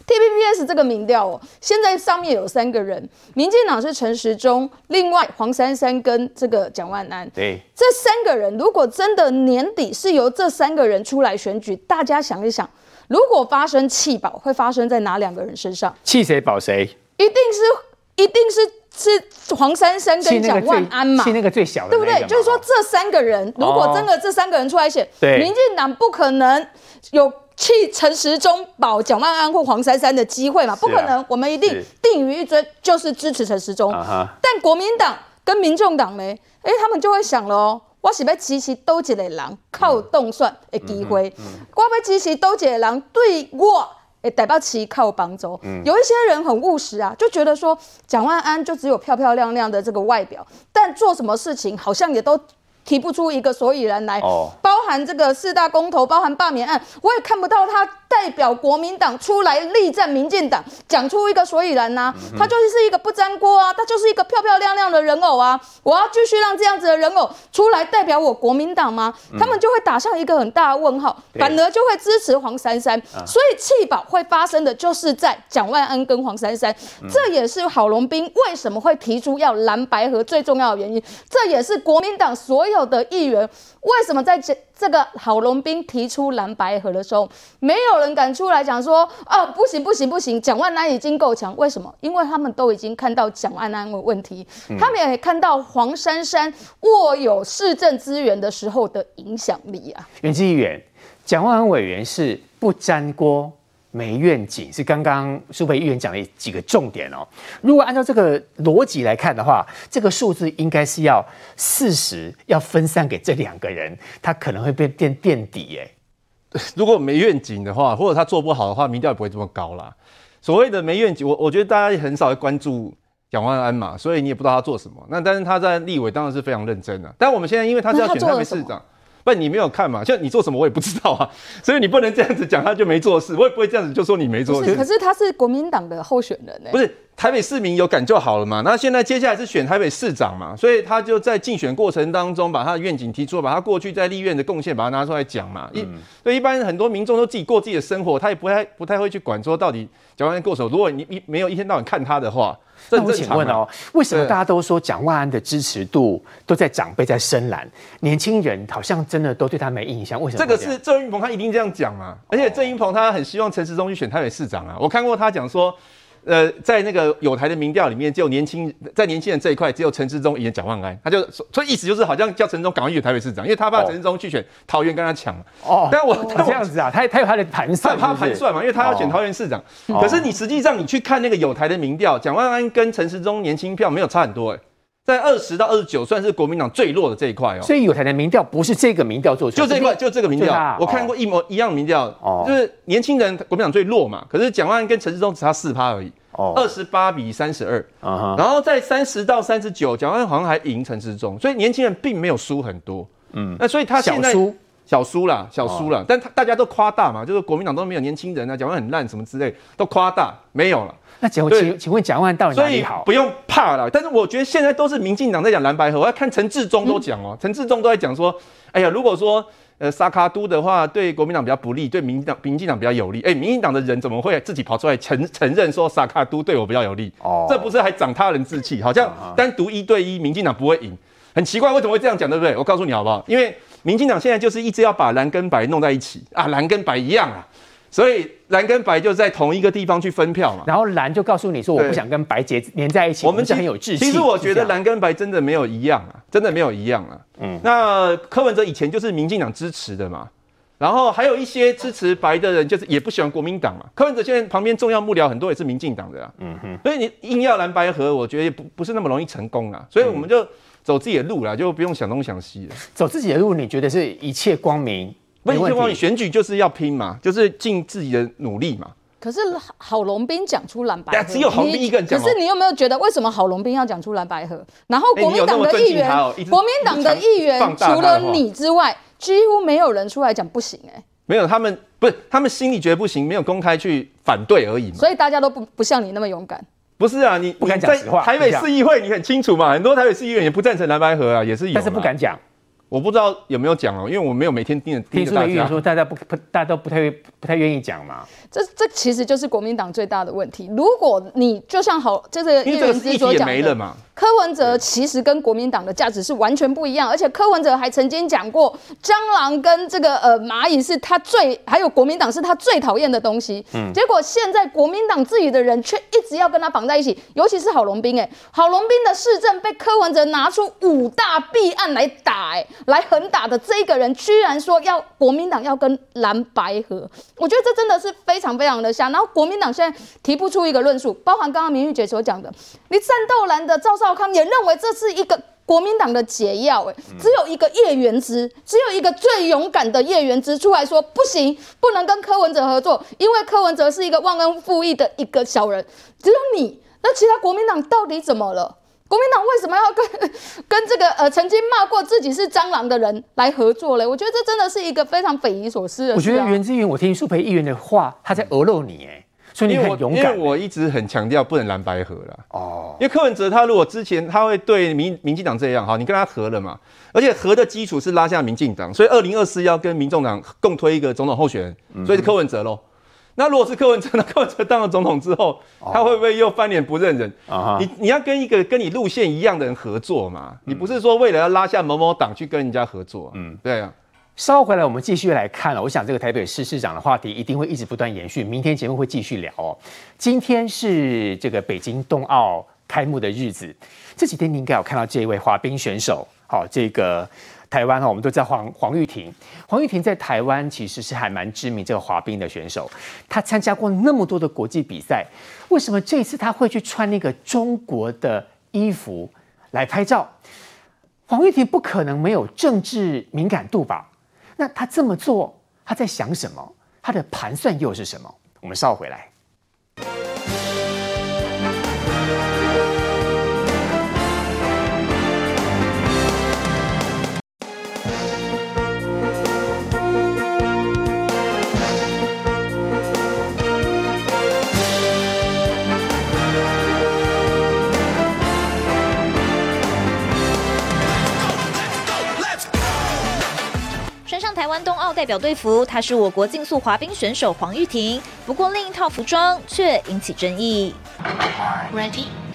J: T P P S 這個民調哦、喔，現在上面有三個人，民進黨是陳時中，另外黃珊珊跟這個蔣萬安。對，這三個人如果真的年底是由這三個人出來選舉，大家想一想。如果發生棄保，會發生在哪兩個人身上？
A: 棄誰保誰？
J: 一定是，一定是是黃珊珊跟蔣萬安嘛？棄那
A: 個最小的，嘛對不對？就是說
J: 這三個人，哦、如果真的這三個人出來選，對民進黨不可能有棄陳時中保蔣萬安或黃珊珊的機會嘛？不可能，啊、我們一定定於一尊，就是支持陳時中。是但國民黨跟民眾黨呢？哎，他們就會想了。我是要支持哪一個人靠動算的機會，嗯嗯嗯、我要支持哪一個人對我也代表其靠幫助。嗯、有一些人很務實啊，就覺得說蔣萬安就只有漂漂亮亮的這個外表，但做什麼事情好像也都。提不出一個所以然來，Oh. 包含這個四大公投，包含罷免案，我也看不到他代表國民黨出來力戰民進黨，講出一個所以然吶、啊。Mm hmm. 他就是一個不沾鍋啊，他就是一個漂漂亮亮的人偶啊。我要繼續讓這樣子的人偶出來代表我國民黨嗎？Mm hmm. 他們就會打上一個很大的問號，Yes. 反而就會支持黃珊珊。Uh. 所以棄保會發生的就是在蔣萬安跟黃珊珊，mm hmm. 這也是郝龍斌為什麼會提出要藍白合最重要的原因，這也是國民黨所以。有的議員為什麼在這這個郝龍斌提出藍白合的時候，沒有人敢出來講說哦、啊，不行不行不行，蔣萬安已經夠強，為什麼？因為他們都已經看到蔣萬安的問題，他們也看到黃珊珊握有市政資源的時候的影響力啊。
A: 元之、嗯、議員蔣萬安委員是不沾鍋。沒願景是剛剛舒培議員講的幾個重點哦、喔。如果按照這個邏輯來看的話，這個數字應該是要四十，要分散給這兩個人，他可能會被墊墊底哎、欸。
H: 如果沒願景的話，或者他做不好的話，民調也不會這麼高啦。所謂的沒願景，我我覺得大家也很少會關注蔣萬安嘛，所以你也不知道他做什麼。那但是他在立委當然是非常認真的、啊、但我們現在因為他是要選台北市長。不，你沒有看嘛？像你做什麼，我也不知道啊，所以你不能這樣子講，他就沒做事。我也不會這樣子就說你沒做事。是就是，可
J: 是他是國民黨的候選人，欸，不是
H: 台北市民有感就好了嘛？那現在接下來是選台北市長嘛？所以他就在競選過程當中，把他的願景提出，把他過去在立院的貢獻把它拿出來講嘛。嗯、一，所以一般很多民眾都自己過自己的生活，他也不太不太會去管說到底蔣萬安過手。如果你一沒有一天到晚看他的話。正正那我請問哦、喔，對為什麼大
A: 家都說蔣萬安的支持度都在長輩在深藍，年輕人好像真的都對他沒印象？為什麼這？這個是
H: 鄭運鵬他一定這樣講嘛，哦、而且鄭運鵬他很希望陳時中去選台北市長啊，我看過他講說。呃，在那個友台的民調裡面，只有年輕在年輕人這一塊，只有陳時中以及蔣萬安，他就所以意思就是好像叫陳時中趕快去台北市長，因為他怕陳時中去選桃園跟他搶哦，但我他、哦、我這樣子啊，他他有他的盤算是是，他盤算嘛，因為他要選桃園市長。哦、可是你實際上你去看那個友台的民調，蔣萬安跟陳時中年輕票沒有差很多誒、欸。在二十到二十九算是國民黨最弱的這一塊哦，所以
A: 有台的民調不是這個民調做出來，就這塊，就這個民調。他啊、我看過一
H: 模一樣的民調，就是年輕人國民黨最弱嘛，可是蔣萬安跟陳時中只差四趴而已，二十八比三十二。然後在三十到三十九，蔣萬安好像還贏陳時中，所以年輕人並沒有輸很多。嗯，那所以他現在小輸，小輸了，小輸了，但他大家都誇大嘛，就是國民黨都沒有年輕人啊，蔣萬安很爛什麼之類，都誇大沒有了。
A: 那簡，我請請問，講萬對到底哪裡好？所以
H: 不用怕了。但是我覺得現在都是民進黨在講藍白合。我要看陳志忠都講哦、喔，陳志忠都在講說，哎呀，如果說呃三腳督的話，對國民黨比較不利，對民進黨民進黨比較有利。哎、欸，民進黨的人怎麼會自己跑出來承承認說三腳督對我比較有利？哦，這不是還長他人志氣，好像單獨一對一，民進黨不會贏，很奇怪，為什麼會這樣講，對不對？我告訴你好不好？因為民進黨現在就是一直要把藍跟白弄在一起啊，藍跟白一樣啊，所以。藍跟白就在同一個地方去分票嘛，然後藍就告
A: 訴你說，我不想跟白結連在一起。對我們很有志氣。其實我覺得藍
H: 跟白真的沒有一樣啊，真的沒有一樣啊。嗯，那柯文哲以前就是民進黨支持的嘛，然後還有一些支持白的人，就是也不喜歡國民黨嘛。柯文哲現在旁邊重要幕僚很多也是民進黨的啊。嗯
E: 哼，
H: 所以你硬要藍白合，我覺得也不不是那麼容易成功啊。所以我們就走自己的路啦，就不用想東想西了，嗯。走自己的路，你覺得是一切光明？完全幫你選舉，就是要拼嘛，就是盡自己的努力嘛。
J: 可是郝龍斌講出藍白合，只有郝龍斌一個人講、哦。可是你有沒有覺得，為什麼郝龍斌要講出藍白合？然後國民黨的議員，欸哦、國民黨的議員的除了你之外，幾乎沒有人出來講不行哎、
I: 欸。沒
H: 有，他們不是他們心裡覺得不行，沒有公開去反對而已嘛。所
J: 以大家都不不像你那麼勇敢。
H: 不是啊，你不敢講實話。台北市議會你很清楚嘛，很多台北市議員也不贊成藍白合啊，也是有，但是不敢講。我不知道有沒有講哦，因為我沒有每天盯着盯着大家，聽說，說大家不不，
A: 大家都不太不太願意講嘛。
J: 這這其實就是國民黨最大的問題。如果你就像好，就是像葉元之所講的，因為這個議題也沒了嘛。柯文哲其實跟國民黨的價值是完全不一樣，嗯、而且柯文哲還曾經講過，蟑螂、跟這個呃螞蟻是他最，還有國民黨是他最討厭的東西。嗯，結果現在國民黨自己的人卻一直要跟他綁在一起，尤其是郝龍斌、欸，哎，郝龍斌的市政被柯文哲拿出五大弊案來打、欸，哎，來狠打的這一個人，居然說要國民黨要跟藍白合，我覺得這真的是非常非常的瞎，然後國民黨現在提不出一個論述，包含剛剛明玉姐所講的，你戰鬥藍的趙少。康也認為這是一個國民黨的解藥，哎，只有一個葉元之，只有一個最勇敢的葉元之出來說不行，不能跟柯文哲合作，因為柯文哲是一個忘恩負義的一個小人。只有你，那其他國民黨到底怎麼了？國民黨為什麼要跟跟這個呃曾經罵過自己是蟑螂的人來合作嘞？我覺得這真的是一個非常匪夷所思的、啊。我覺得元
A: 之遠，我聽舒培議員的話，他在訛漏你，哎。欸、因為我因為我一直很強
H: 調不能藍白合了哦，oh. 因為柯文哲他如果之前他會對民民進黨這樣哈，你跟他合了嘛，而且合的基礎是拉下民進黨，所以二零二四要跟民眾黨共推一個總統候選人，mm hmm. 所以是柯文哲嘍。那如果是柯文哲，那柯文哲當了總統之後，oh. 他會不會又翻臉不認人啊？Uh huh. 你你要跟一個跟你路線一樣的人合作嘛？你不是說為了要拉下某某黨去跟人家合作？嗯、mm，hmm.
A: 對呀、啊。稍後回來，我們繼續來看了，哦。我想這個台北市市長的話題一定會一直不斷延續。明天節目會繼續聊。哦，今天是這個北京冬奧開幕的日子。這幾天你應該有看到這一位滑冰選手，好，哦，這個台灣哈，哦，我們都知道黃黃郁婷。黃郁婷在台灣其實是還蠻知名這個滑冰的選手。他參加過那麼多的國際比賽，為什麼這一次他會去穿那個中國的衣服來拍照？黃郁婷不可能沒有政治敏感度吧？那他這麼做，他在想什麼？他的盤算又是什麼？我們稍後回來。
K: 冬奧代表隊服，他是我國競速滑冰選手黃郁婷。不過，另一套服裝卻引起爭議。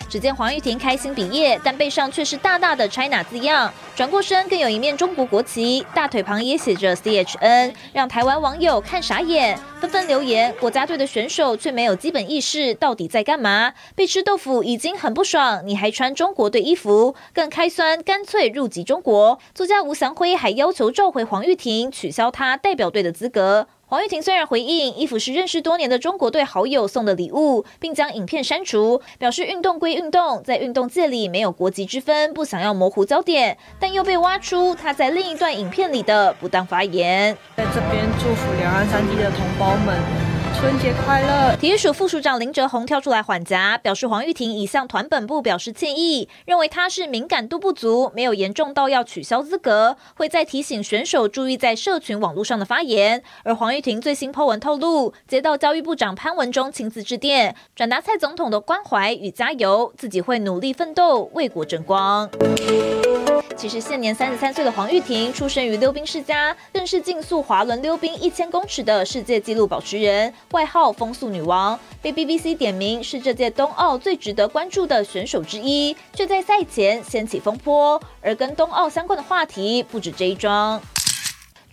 K: 只見黃郁婷開心，比耶，但背上卻是大大的 China 字樣，轉過身更有一面中國國旗，大腿旁也寫着 C H N，讓台灣網友看傻眼，紛紛留言：國家隊的選手卻沒有基本意識，到底在幹嘛？被吃豆腐已經很不爽，你還穿中國隊衣服，更開酸，乾脆入籍中國。作家吳祥輝還要求召回黃郁婷，取消她代表隊的資格。黃郁婷雖然回應衣服是認識多年的中國隊好友送的禮物，並將影片刪除，表示運動歸運動，在運動界裡沒有國籍之分，不想要模糊焦點，但又被挖出她在另一段影片裡的不當發言。在這邊祝福兩岸三地的同胞們。春節快樂！體育署副署長林哲宏跳出來緩頰，表示黃郁婷已向團本部表示歉意，認為她是敏感度不足，沒有嚴重到要取消資格，會再提醒選手注意在社群網絡上的發言。而黃郁婷最新 po 文透露，接到教育部長潘文忠親自致電，轉達蔡總統的關懷與加油，自己會努力奮鬥，為國爭光。其實現年三十三歲的黃郁婷，出生於溜冰世家，更是競速滑輪溜冰一千公尺的世界紀錄保持人，外號“風速女王”，被 BBC 點名是這屆冬奧最值得關注的選手之一。卻在賽前掀起風波，而跟冬奧相關的話題不止這一樁。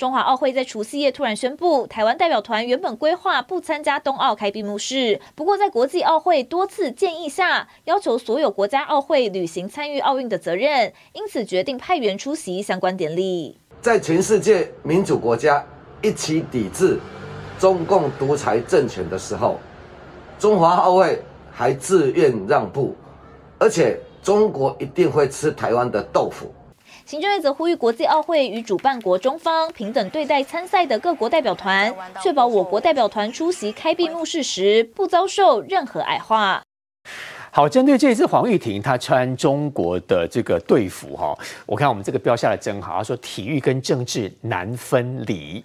K: 中華奧會在除夕夜突然宣布，台灣代表團原本規劃不參加冬奧開閉幕式。不過，在國際奧會多次建議下，要求所有國家奧會履行參與奧運的責任，因此決定派員出席相關典禮。
G: 在全世界民主國家一起抵制中共獨裁政權的時候，中華奧會還自願讓步，而且中國一定會吃台灣的豆腐。
K: 行政院則呼籲國際奧會與主辦國中方平等對待參賽的各國代表團，確保我國代表團出席開閉幕式時不遭受任何矮化。
A: 好，針對這一次黃郁婷她穿中國的這個隊服哈，我看我們這個標下得真好。她說體育跟政治難分離。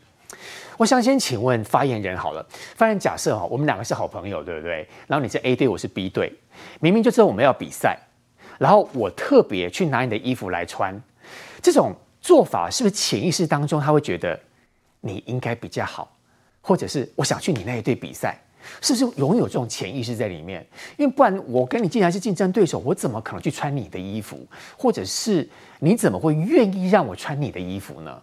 A: 我想先請問發言人好了，發言人假設哈，我們兩個是好朋友對不對？然後你是 A 隊，我是 B 隊，明明就知道我們要比賽，然後我特別去拿你的衣服來穿。這種做法是不是潛意識當中他會覺得，你應該比較好，或者是我想去你那一隊比賽，是不是擁有這種潛意識在裡面？因為不然我跟你既然是競爭對手，我怎麼可能去穿你的衣服，或者是你怎麼會願意讓我穿你的衣服呢？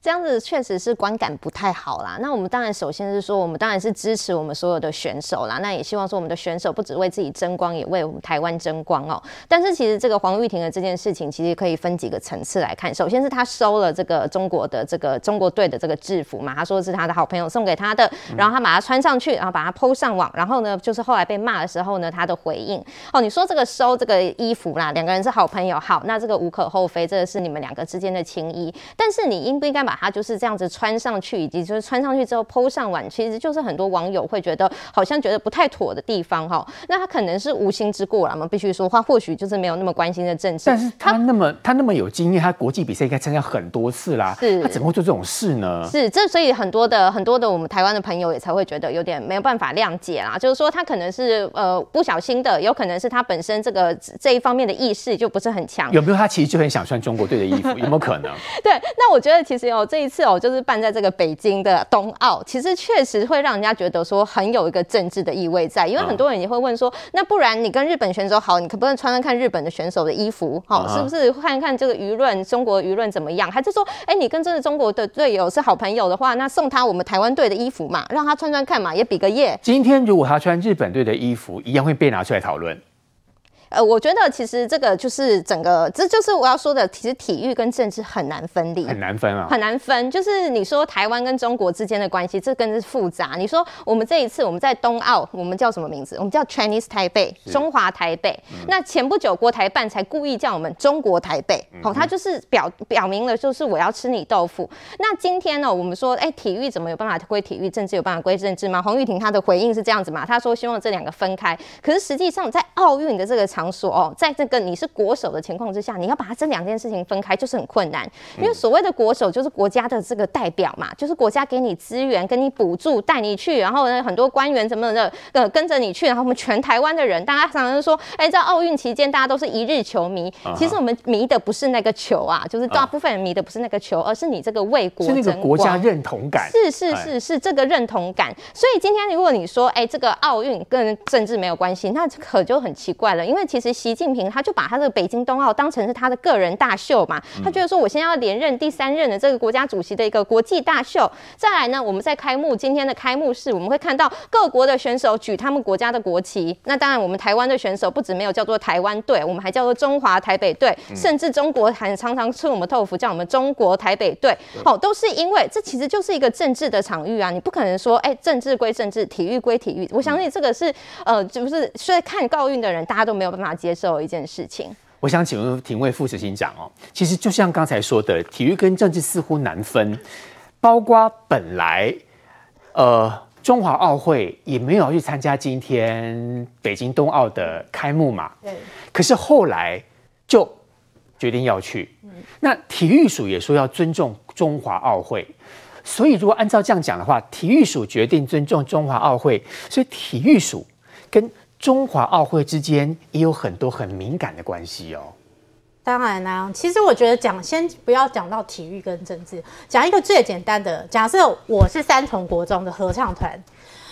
C: 這樣子確實是觀感不太好啦。那我們當然首先是說，我們當然是支持我們所有的選手啦。那也希望說我們的選手不只為自己爭光，也為我們台灣爭光哦。但是其實這個黃郁婷的這件事情，其實可以分幾個層次來看。首先是他收了這個中國的這個中國隊的這個制服嘛，他說是他的好朋友送給他的，然後他把它穿上去，然後把它 PO 上網，然後呢就是後來被罵的時候呢他的回應哦。你說這個收這個衣服啦，兩個人是好朋友，好，那這個無可厚非，這個是你們兩個之間的情誼。但是你應不應該？把他就是這樣子穿上去，以及就是穿上去之後 PO 上網，其實就是很多網友會覺得好像覺得不太妥的地方哈。那他可能是無心之過了嘛？必須說話，他或許就是沒有那麼關心的政治。但是
A: 他那麼他，他那麼有經驗，他國際比賽應該參加很多次啦。是，他怎麼會做這種事呢？是，
C: 這所以很多的很多的我們台灣的朋友也才會覺得有點沒有辦法諒解啦。就是說他可能是呃不小心的，有可能是他本身這個這一方面的意識就不是很強。有沒
A: 有他其實就很想穿中國隊的衣服？有沒有可能？
C: 對，那我覺得其實有。哦，這一次哦，就是辦在這個北京的冬奧，其實確實會讓人家覺得說很有一個政治的意味在，因為很多人也會問說，嗯、那不然你跟日本選手好，你可不可以穿穿看，看日本的選手的衣服，好、哦，嗯、哼是不是看看這個輿論，中國輿論怎麼樣？還是說，哎，你跟這個中國的隊友是好朋友的話，那送他我們台灣隊的衣服嘛，讓他穿穿看嘛，也比個耶。」
A: 今天如果他穿日本隊的衣服，一樣會被拿出來討論。
C: 呃，我覺得其實這個就是整個，這就是我要說的，其實體育跟政治很難分離，很難分啊，很難分。就是你說台灣跟中國之間的關係，這更是複雜。你說我們這一次我們在冬奧，我們叫什麼名字？我們叫 Chinese 台北，是中華台北。那前不久國台辦才故意叫我們中國台北，好、喔，他就是表表明了，就是我要吃你豆腐。嗯、那今天呢、喔，我們說，哎、欸，體育怎麼有辦法歸體育？政治有辦法歸政治嗎？黃郁婷她的回應是這樣子嘛，她說希望這兩個分開。可是實際上在奧運的這個場合。場所哦，在這個你是國手的情況之下，你要把它這兩件事情分開就是很困難，因為所謂的國手就是國家的這個代表嘛，就是國家給你資源、給你補助、帶你去，然後呢，很多官員怎麼怎麼的跟着你去，然後我們全台灣的人大家常常說，哎，在奧運期間大家都是一日球迷，其實我們迷的不是那個球啊，就是大部分人迷的不是那個球，而是你這個為國，是那個國家認
A: 同感，是是是
C: 是這個認同感。所以今天如果你說哎、欸、這個奧運跟政治沒有關係，那可就很奇怪了，因為。其實習近平他就把他這個北京冬奧當成是他的個人大秀嘛，他覺得說，我現在要連任第三任的這個國家主席的一個國際大秀。再來呢，我們在開幕，今天的開幕式，我們會看到各國的選手舉他們國家的國旗。那當然，我們台灣的選手不止沒有叫做台灣隊，我們還叫做中華台北隊，甚至中國還常常吃我們豆腐叫我們中國台北隊。哦，都是因為這其實就是一個政治的場域啊，你不可能說，哎、欸，政治歸政治，體育歸體育。我相信這個是呃，就是，雖然看奧運的人大家都沒有。馬接受一件事情，
A: 我想請問婷蔚副執行長哦，其實就像剛才說的，體育跟政治似乎難分，包括本來呃中華奧會也沒有去參加今天北京冬奧的開幕嘛，對、嗯，可是後來就決定要去，嗯，那體育署也說要尊重中華奧會，所以如果按照這樣講的話，體育署決定尊重中華奧會，所以體育署跟中華奧會之間也有很多很敏感的關係哦。
E: 當然啦、啊，其實我覺得講先不要講到體育跟政治，講一個最簡單的，假設我是三重國中的合唱團，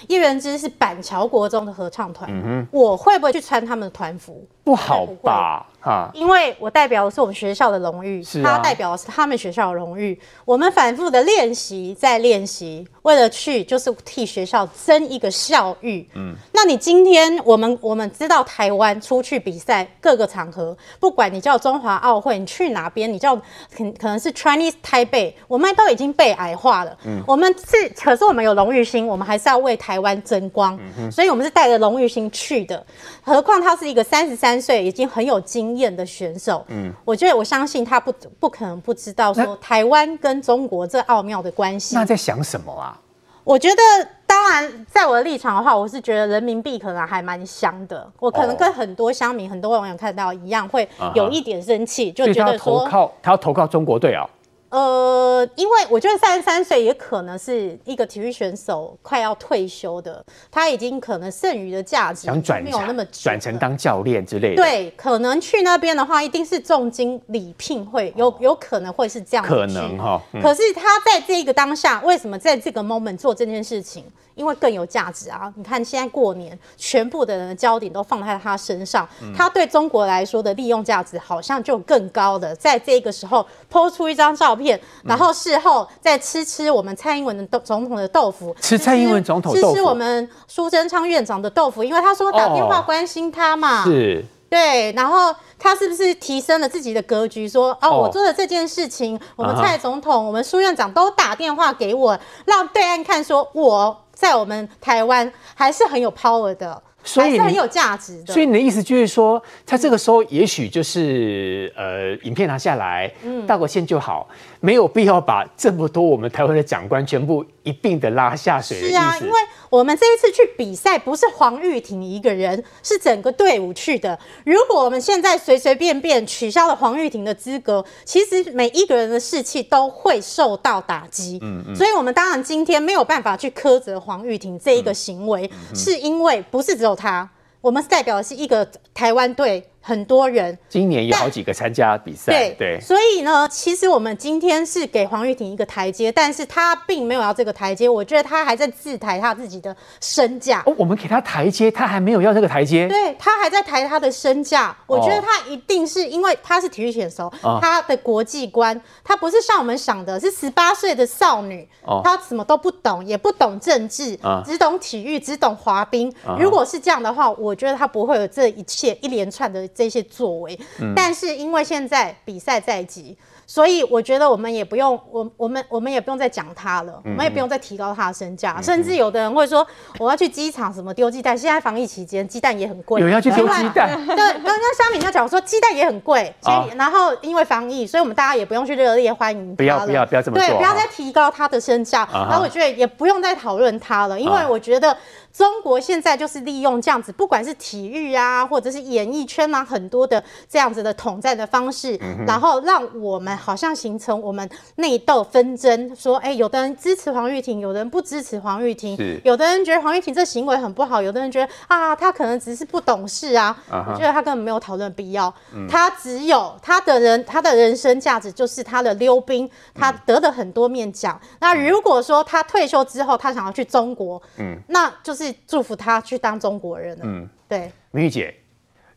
E: 葉元之是板橋國中的合唱團，嗯、哼我會不會去穿他們的團服？不好吧？哈，因為我代表的是我們學校的榮譽，是他代表的是他們學校的榮譽。我們反覆的練習，再練習，為了去就是替學校爭一個校譽。嗯，那你今天我們我們知道台灣出去比賽，各個場合，不管你叫中華奧會，你去哪邊，你叫可可能是 Chinese Taipei，我們都已經被矮化了。嗯，我們是可是我們有榮譽心，我們還是要為台灣爭光。嗯嗯，所以我們是帶着榮譽心去的。何況它是一個三十三。歲已經很有經驗的選手，嗯，我覺得我相信他不不可能不知道說台灣跟中國這奧妙的關係。那在想什麼啊？我覺得當然，在我的立場的話，我是覺得人民幣可能還蠻香的。我可能跟很多鄉民、很多網友看到一樣，會有一點生氣，就覺得投靠
A: 他要投靠中國隊啊。
E: 呃，因為我覺得三十三歲也可能是一個體育選手快要退休的，他已經可能剩餘的價值沒有那麼想
A: 轉轉成當教練之類的。對，
E: 可能去那邊的話，一定是重金禮聘會，會、哦、有有可能會是這樣。可能
A: 哈、哦，嗯、
K: 可是
E: 他在這個當下，為什麼在這個 moment 做這件事情？因為更有價值啊！你看現在過年，全部的人的焦點都放在他身上，嗯、他對中國來說的利用價值好像就更高的，在這個時候拋出一張照片。片，然後事後再吃吃我們蔡英文的豆總統的豆腐，吃蔡英文總統豆腐，吃、吃我們蘇貞昌院長的豆腐，因為他說打電話關心他嘛，哦、是對，然後他是不是提升了自己的格局，說哦，我做的這件事情，哦、我們蔡總統、我們蘇院長都打電話給我，讓對岸看說我在我們台灣還是很有 power 的。所以是很有價值的，所以你的意
A: 思就是說，在這個時候也許就是、嗯、呃，影片拿下來，道、嗯、個歉就好。沒有必要把這麼多我們台灣的長官全部一併的拉下水。是啊，因為
E: 我們這一次去比賽不是黃郁婷一個人，是整個隊伍去的。如果我們現在隨隨便便取消了黃郁婷的資格，其實每一個人的士氣都會受到打擊。嗯,嗯。所以，我們當然今天沒有辦法去苛責黃郁婷這一個行為，嗯嗯嗯，是因為不是只有她，我們代表的是一個台灣隊。很多人
A: 今年有好幾個參加比賽，對，對，所
E: 以呢，其實我們今天是給黃郁婷一個台階，但是他並沒有要這個台階，我覺得他還在自抬他自己的身價。哦，我
A: 們給他台階，他還沒有要這個台階，
E: 對，他還在抬他的身價。我覺得他一定是、哦、因為他是體育選手，哦、他的國際觀，他不是像我們想的，是十八歲的少女，哦、他什麼都不懂，也不懂政治，啊、只懂體育，只懂滑冰。啊、如果是這樣的話，我覺得他不會有這一切一連串的。這些作為，嗯、但是因為現在比賽在即，所以我覺得我們也不用我我們我們也不用再講他了，嗯、哼我們也不用再提高他的身價，嗯、哼甚至有的人會說我要去機場什麼丟雞蛋，現在防疫期間雞蛋也很貴，有人要去丟雞蛋？為 對，剛剛蝦米就講說雞蛋也很貴，哦，然後因為防疫，所以我們大家也不用去熱烈歡迎他了不，不要不要不要這麼做，對，不要再提高他的身價。啊、哈然後我覺得也不用再討論他了，啊、哈因為我覺得。中國現在就是利用這樣子，不管是體育啊，或者是演藝圈啊，很多的這樣子的統戰的方式，嗯、哼然後讓我們好像形成我們內鬥紛爭，說哎、欸，有的人支持黃郁婷，有的人不支持黃郁婷。是，有的人覺得黃郁婷這行為很不好，有的人覺得啊，他可能只是不懂事啊，uh huh、我覺得他根本沒有討論必要，嗯、他只有他的人他的人生價值就是他的溜冰，他得的很多面獎。嗯、那如果說他退休之後，他想要去中國，嗯，那就是。祝福他去當中國人了。嗯，對，明
A: 玉姐，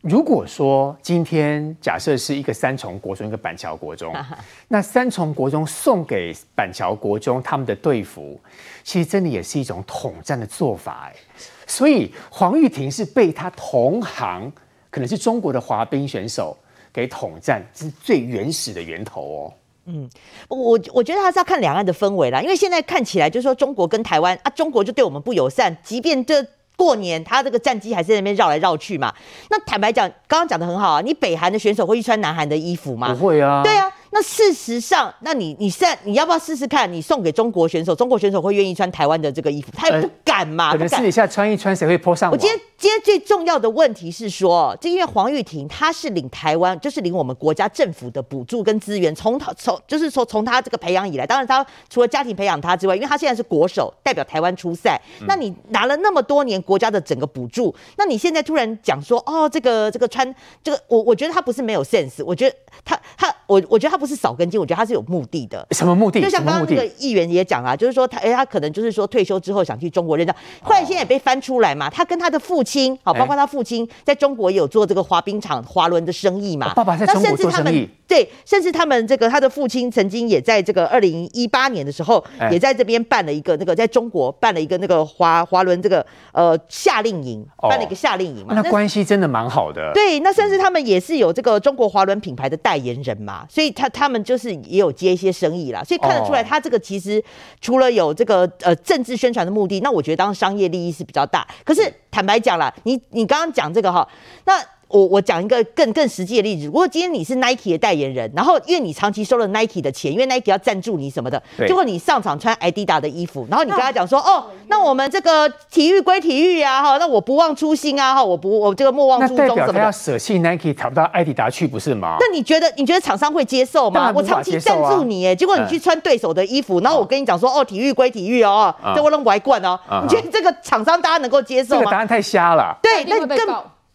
A: 如果說今天假設是一個三重國中一個板橋國中，
E: 那
A: 三重國中送給板橋國中他們的隊服，其實真的也是一種統戰的做法。所以黃郁婷是被他同行，可能是中國的滑冰選手給統戰，這是最原始的源頭哦。
D: 嗯，我我覺得還是要看兩岸的氛圍啦，因為現在看起來就是說中國跟台灣啊，中國就對我們不友善，即便這過年他這個戰機還是在那邊繞來繞去嘛。那坦白講，剛剛講的很好啊，你北韓的選手會去穿南韓的衣服嗎？不會啊。對啊。那事實上，那你你現在你要不要試試看？你送給中國選手，中國選手會願意穿台灣的這個衣服？他也不敢嘛？敢呃、可能私底下
A: 穿一穿，誰會 PO 上網我？我今
D: 天今天最重要的問題是說，就因為黃郁婷她是領台灣，就是領我們國家政府的補助跟資源，從她從就是說從他這個培養以來，當然他除了家庭培養他之外，因為他現在是國手，代表台灣出賽。嗯、那你拿了那麼多年國家的整個補助，那你現在突然講說，哦，這個這個穿這個，我我覺得他不是沒有 sense，我覺得他他我我覺得他。他不是少根筋，我覺得他是有目的的。什麼目的？就像剛剛那個議員也講啊，就是說他，哎、欸，他可能就是說退休之後想去中國認賬。哦、快先也被翻出來嘛，他跟他的父親，好、欸，包括他父親在中國也有做這個滑冰場滑輪的生意嘛、哦。爸爸在中國做生意甚至他們對，甚至他們這個他的父親曾經也在這個二零一八年的時候、欸、也在這邊辦了一個那個在中國辦了一個那個滑滑輪這個呃夏令營，哦、辦了一個夏令營嘛。那關
A: 係真的蠻好的。
F: 對，
D: 那甚至他們也是有這個中國滑輪品牌的代言人嘛，所以他。他們就是也有接一些生意啦，所以看得出來，他這個其實除了有這個呃政治宣傳的目的，那我覺得當商業利益是比較大。可是坦白講啦，你你剛剛講這個哈，那。我我講一個更更實際的例子，如果今天你是 Nike 的代言人，然後因為你長期收了 Nike 的錢，因為 Nike 要贊助你什麼的，對結果你上場穿 Adidas 的衣服，然後你跟他講說，那哦，那我們這個體育歸體育啊，哈，那我不忘初心啊，哈，我不我這個莫忘初衷怎麼樣？那代表他
A: 要舍棄 Nike 走到 Adidas 去，不是嗎？那
D: 你覺得你覺得廠商會接受嗎？受啊、我長期贊助你，哎，結果你去穿對手的衣服，然後我跟你講說，嗯、哦，體育歸體育哦，這我都不還慣哦，嗯、哼你覺得這個廠商大家能夠接受嗎？這個答案
A: 太瞎了。
D: 對，那更。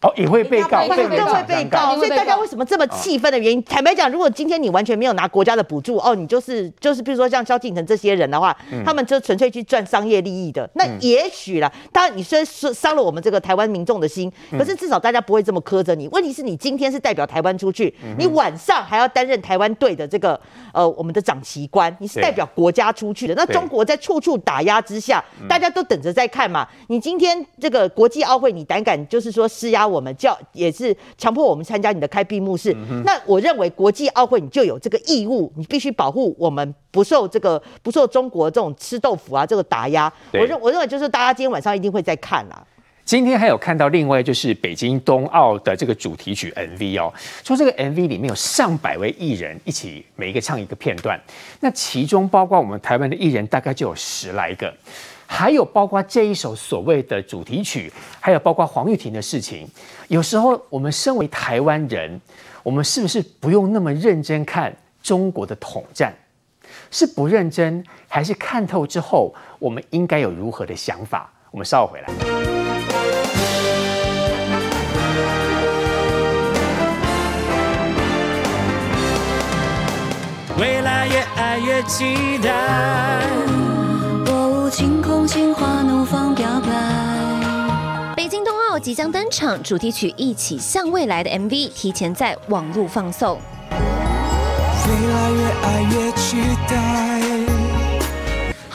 D: 哦，也會被告，更會被告。所以大家為什麼這麼氣憤的原因，坦白講，如果今天你完全沒有拿國家的補助，哦，你就是就是，比如說像蕭敬騰這些人的話，他們就純粹去賺商業利益的。那也許啦，當然你雖然傷了我們這個台灣民眾的心，可是至少大家不會這麼苛責你。問題是你今天是代表台灣出去，你晚上還要擔任台灣隊的這個呃我們的掌旗官，你是代表國家出去的。那中國在處處打壓之下，大家都等着在看嘛。你今天這個國際奧會，你膽敢就是說施壓。我們叫也是強迫我們參加你的開閉幕式。嗯、哼那我認為國際奧會你就有這個義務，你必須保護我們不受這個不受中國這種吃豆腐啊這個打壓。我認對我認為就是大家今天晚上一定會在看啦、
A: 啊。今天還有看到另外就是北京冬奧的這個主題曲 MV 哦，說這個 MV 裡面有上百位藝人一起每一個唱一個片段，那其中包括我們台灣的藝人大概就有十來個。還有包括這一首所謂的主題曲，還有包括黃郁婷的事情，有時候我們身為台灣人，我們是不是不用那麼認真看中國的統戰？是不認真，還是看透之後，我們應該有如何的想法？我們稍後回來。
B: 未來越愛越期待。晴空心花怒放表白，北京冬奧即將登場，主題曲一起向未來的 MV 提前在網絡放送。未來越愛越
G: 期待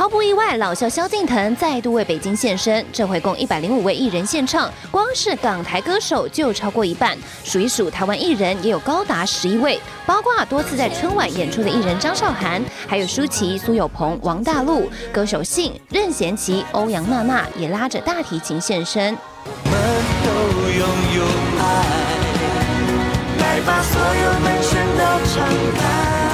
B: 毫不意外，老蕭蕭敬騰再度為北京獻聲，這回共一百零五位藝人獻唱，光是港台歌手就超過一半，數一數台灣藝人也有高達十一位，包括多次在春晚演出的藝人張韶涵，還有舒淇、蘇有朋、王大陸，歌手信、任賢齊、歐陽娜娜也拉着大提琴現身。我們都擁有愛。
G: 來把所有門全都敞開。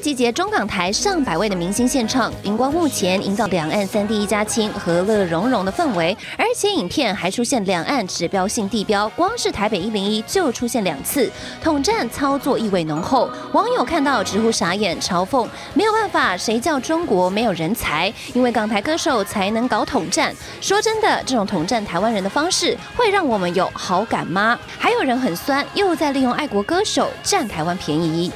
B: 集結中港台上百位的明星獻唱，熒光幕前營造兩岸三地一家親、和樂融融的氛圍，而且影片還出現兩岸指標性地標，光是台北一零一就出現兩次，統戰操作意味濃厚。網友看到直呼傻眼，嘲諷：沒有辦法，誰叫中國沒有人才？因為港台歌手才能搞統戰。說真的，這種統戰台灣人的方式，會讓我們有好感嗎？還有人很酸，又在利用愛國歌手占台灣便宜。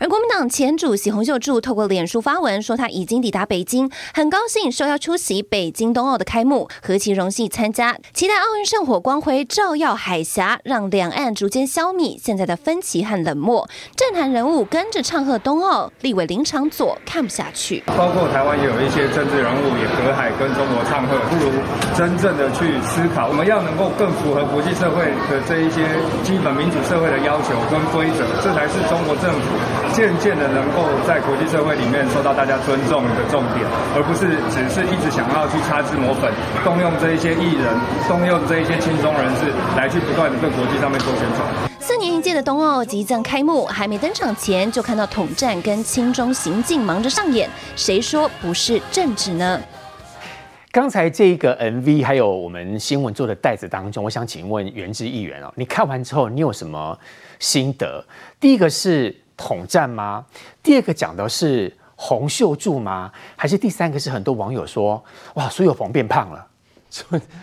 B: 而國民黨前主席洪秀柱透過臉書發文說，他已經抵達北京，很高興受邀出席北京冬奧的開幕，何其榮幸參加，期待奧運聖火光輝照耀海峽，讓兩岸逐漸消弭現在的分歧和冷漠。政壇人物跟着唱和冬奧，立委林昶佐看不下去，包
G: 括台灣也有一些政治人
H: 物也隔海跟中國唱和，不如真正的去思考，我們要能夠更符合國際
G: 社會的這一些基本民主社會的要求跟規則，這才是中國政府。漸漸的，能夠在國際社會裡面受到大家尊重的重點，而不是只
H: 是一直想要去擦脂抹粉，動用這一些藝人，動用這一些親中人士來去不斷的在國際上面做宣傳。
B: 四年一屆的冬奧即將開幕，還沒登場前就看到統戰跟親中行徑忙着上演，誰說不是政治呢？
A: 剛才這個 MV 還有我們新聞做的帶子當中，我想請問元之議員哦，你看完之後你有什麼心得？第一個是。統戰嗎？第二個講的是洪秀柱嗎？還是第三個是很多網友說哇，蘇有朋變胖了？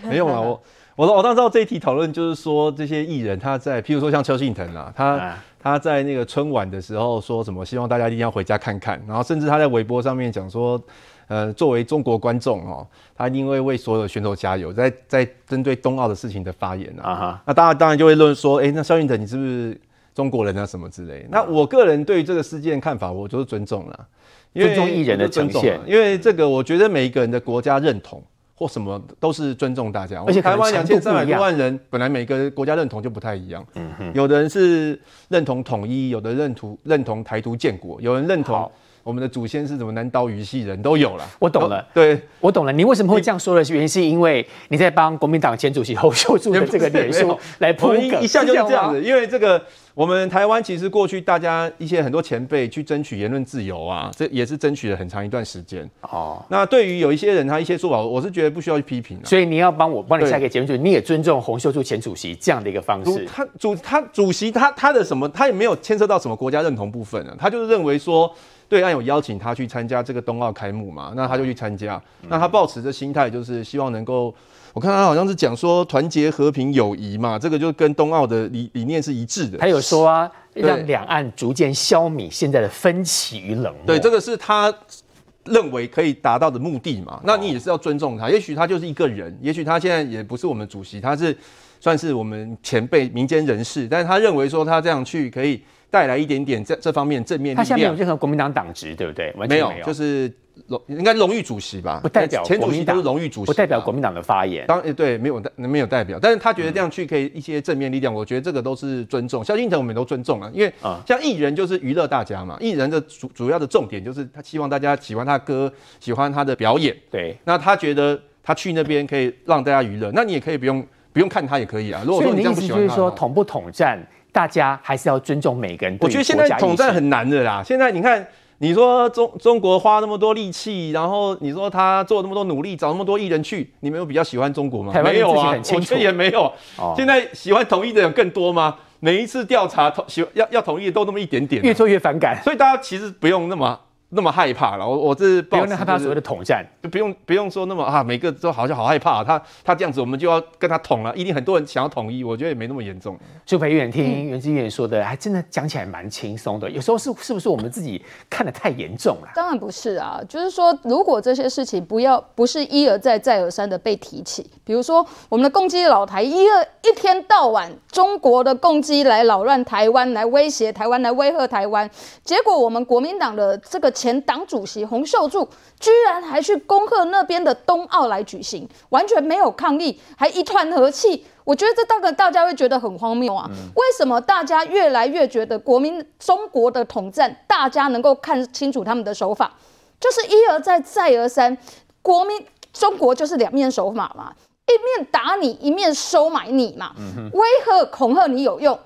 H: 沒有、 欸、啊，我我我當知道這一題討論就是說，這些藝人他在，譬如說像蕭敬騰啊，他啊他在那個春晚的時候說什麼，希望大家一定要回家看看，然後甚至他在微博上面講說，呃，作為中國觀眾哦，他一定會為所有的選手加油，在在針對冬奧的事情的發言啊，那大家當然就會論說，哎、欸，那蕭敬騰你是不是？中國人啊，什麼之類？那我個人對於這個事件看法，我就是尊重了，因為尊重藝人的呈現。因為這個，我覺得每一個人的國家認同或什麼都是尊重大家。而且台灣兩千三百多萬人，本來每個國家認同就不太一樣。嗯哼，有的人是認同統一，有的認同認同台獨建國，有人認同。我們的祖先是什麼南島語系人都有了，我懂了，對，
A: 我懂了。你為什麼會這樣說的原因，是因為你在幫國民黨前主席洪秀柱的這個臉書來捧一下，就是這樣子。樣
H: 因為這個，我們台灣其實過去大家一些很多前輩去爭取言論自由啊，這也是爭取了很長一段時間哦。那對於有一些人他一些說法，我是覺得不需要去批評啊。所以你要幫我幫你下一個節目，就是對你也尊重洪秀柱前主席這樣的一個方式。他主他主席他他，他的什麼，他也沒有牽涉到什麼國家認同部分，啊、他就是認為說。對岸有邀請他去參加這個冬奧開幕嘛？那他就去參加。那他抱持著心態就是希望能夠，嗯、我看他好像是講說團結、和平、友誼嘛，
A: 這個就跟冬奧的理理念是一致的。他有說啊，讓兩岸逐漸消弭對現在的分歧與冷漠。對，這個
H: 是他認為可以達到的目的嘛？那你也是要尊重他。也許他就是一個人，也許他現在也不是我們主席，他是算是我們前輩民間人士，但是他認為說他這樣去可以。帶來一點點這這方面正面力量。他現在沒有任何國民黨黨職，對不對？沒有，沒有，就是榮應該榮譽主席吧。不代表，前主席都是榮譽主席，不代表國民黨的發言。當、啊、對沒有代沒有代表，但是他覺得這樣去可以一些正面力量。嗯、我覺得這個都是尊重。蕭敬騰我們都尊重啊，因為啊像藝人就是娛樂大家嘛，藝人的主主要的重點就是他希望大家喜歡他歌，喜歡他的表演。對，那他覺得他去那邊可以讓大家娛樂，那你也可以不用不用看他也可以啊。如果說這樣不，所以你意思就是說
A: 統不統戰？大家還是要尊重每個人國。我覺得現在統戰很難
H: 的啦。現在你看，你說中中國花那麼多力氣，然後你說他做那麼多努力，找那麼多藝人去，你們有比較喜歡中國嗎？沒有啊，我覺得也沒有。哦、現在喜歡統一的人更多嗎？每一次調查喜要要統一都那麼一點點、啊，越做越反感。所以大家其實不用那麼。那麼害怕了，我我這不用那害怕所謂的統戰，就不用不用,不用說那麼啊，每個都好像好害怕，他他這樣子，我們就要跟他統了、啊，一定很多人想要統一，
A: 我覺得也沒那麼嚴重。舒培聽葉元之說的，還真的講起來蠻輕鬆的。有時候是是不是我們自己看得太嚴重
J: 了？當然不是啊，就是說如果這些事情不要不是一而再再而三的被提起，比如說我們的共機老台，一而，一天到晚中國的共機來擾亂台灣，來威脅台灣，來威嚇台灣，結果我們國民黨的這個。前黨主席洪秀柱居然還去恭賀那邊的冬奧來舉行，完全沒有抗議，還一團和氣。我覺得這大概大家會覺得很荒謬啊！嗯、為什麼大家越來越覺得國民中國的統戰，大家能夠看清楚他們的手法，就是一而再，再而三，國民中國就是兩面手法嘛，一面打你，一面收買你嘛，威嚇恐嚇你有用？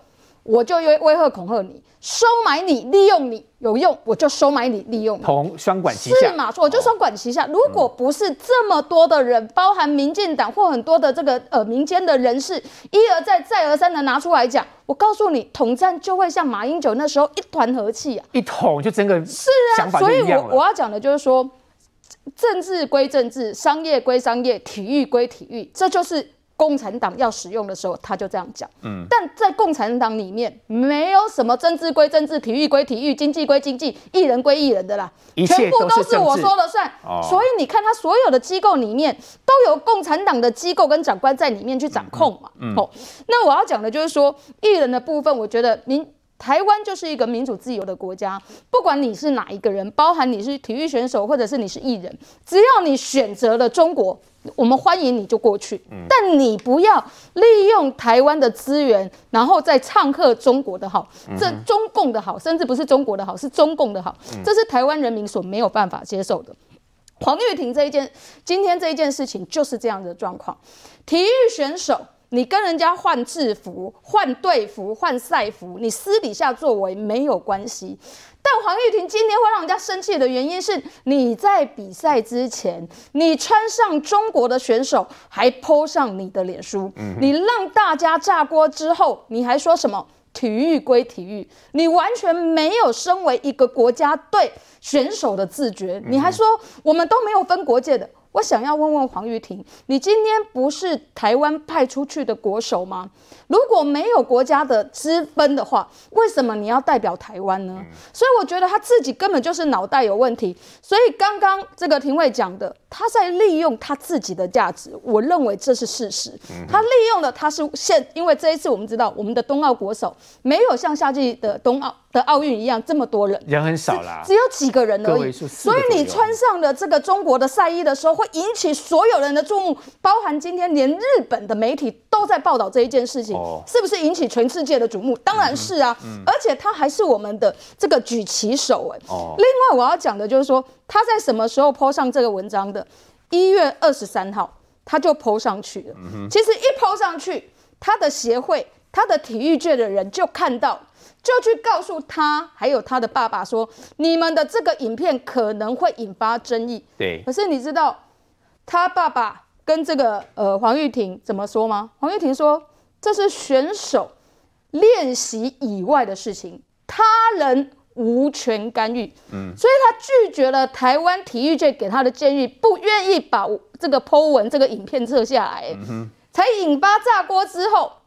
J: 我就威威嚇恐嚇你，收買你，利用你有用，我就收買你利用你，
A: 同雙管齊下是嗎？
J: 我就雙管齊下。哦，如果不是這麼多的人，包含民進黨或很多的這個呃民間的人士一而再再而三的拿出來講，我告訴你，統戰就會像馬英九那時候一團和氣啊，一
A: 統就整個是啊，所以我，我我要
J: 講的就是說，政治歸政治，商業歸商業，體育歸體育，這就是。共產黨要使用的時候，他就這樣講。嗯、但在共產黨裡面，沒有什麼政治歸政治，體育歸體育，經濟歸經濟，藝人歸藝人的啦，全部都是我說了算。哦、所以你看，他所有的機構裡面都有共產黨的機構跟長官在裡面去掌控嘛。嗯嗯嗯、那我要講的就是說，藝人的部分，我覺得您。台灣就是一個民主自由的國家，不管你是哪一個人，包含你是體育選手或者是你是藝人，只要你選擇了中國，我們歡迎你就過去。但你不要利用台灣的資源，然後再唱和中國的好，這中共的好，甚至不是中國的好，是中共的好，這是台灣人民所沒有辦法接受的。黃郁婷這一件，今天這一件事情，就是這樣的狀況。體育選手。你跟人家換制服，換隊服，換賽服，你私底下作為沒有關係。但黃郁婷今天會讓人家生氣的原因是，你在比賽之前，你穿上中國的選手，還 PO 上你的臉書，嗯、哼你讓大家炸鍋之後，你還說什麼體育歸體育，你完全沒有身為一個國家隊選手的自覺。嗯、哼你還說我們都沒有分國界的。我想要問問黃郁婷，你今天不是台灣派出去的國手嗎？如果沒有國家的之分的話，為什麼你要代表台灣呢？所以我覺得他自己根本就是腦袋有問題。所以剛剛這個婷蔚講的，他在利用他自己的價值，我認為這是事實。他利用的他是現，因為這一次我們知道我們的冬奧國手沒有像夏季的冬奧。的奧運一樣，這麼多人，
A: 人很少啦，只、只有幾個人而已。所以你穿
J: 上了這個中國的賽衣的時候，會引起所有人的注目，包含今天連日本的媒體都在報道這一件事情，哦、是不是引起全世界的矚目？當然是啊，嗯嗯、而且他還是我們的這個舉旗手哎。哦、另外我要講的就是說，他在什麼時候 PO 上這個文章的？一月二十三號他就 PO 上去了。嗯、哼其實一 PO 上去，他的協會、他的體育界的人就看到。就去告訴他，還有他的爸爸說，你們的這個影片可能會引發爭議。對，可是你知道他爸爸跟這個呃黃郁婷怎麼說嗎？黃郁婷說這是選手練習以外的事情，他人無權干預。嗯，所以他拒絕了台灣體育界給他的建議，不願意把這個 PO 文這個影片撤下來，嗯、哼才引發炸鍋之後。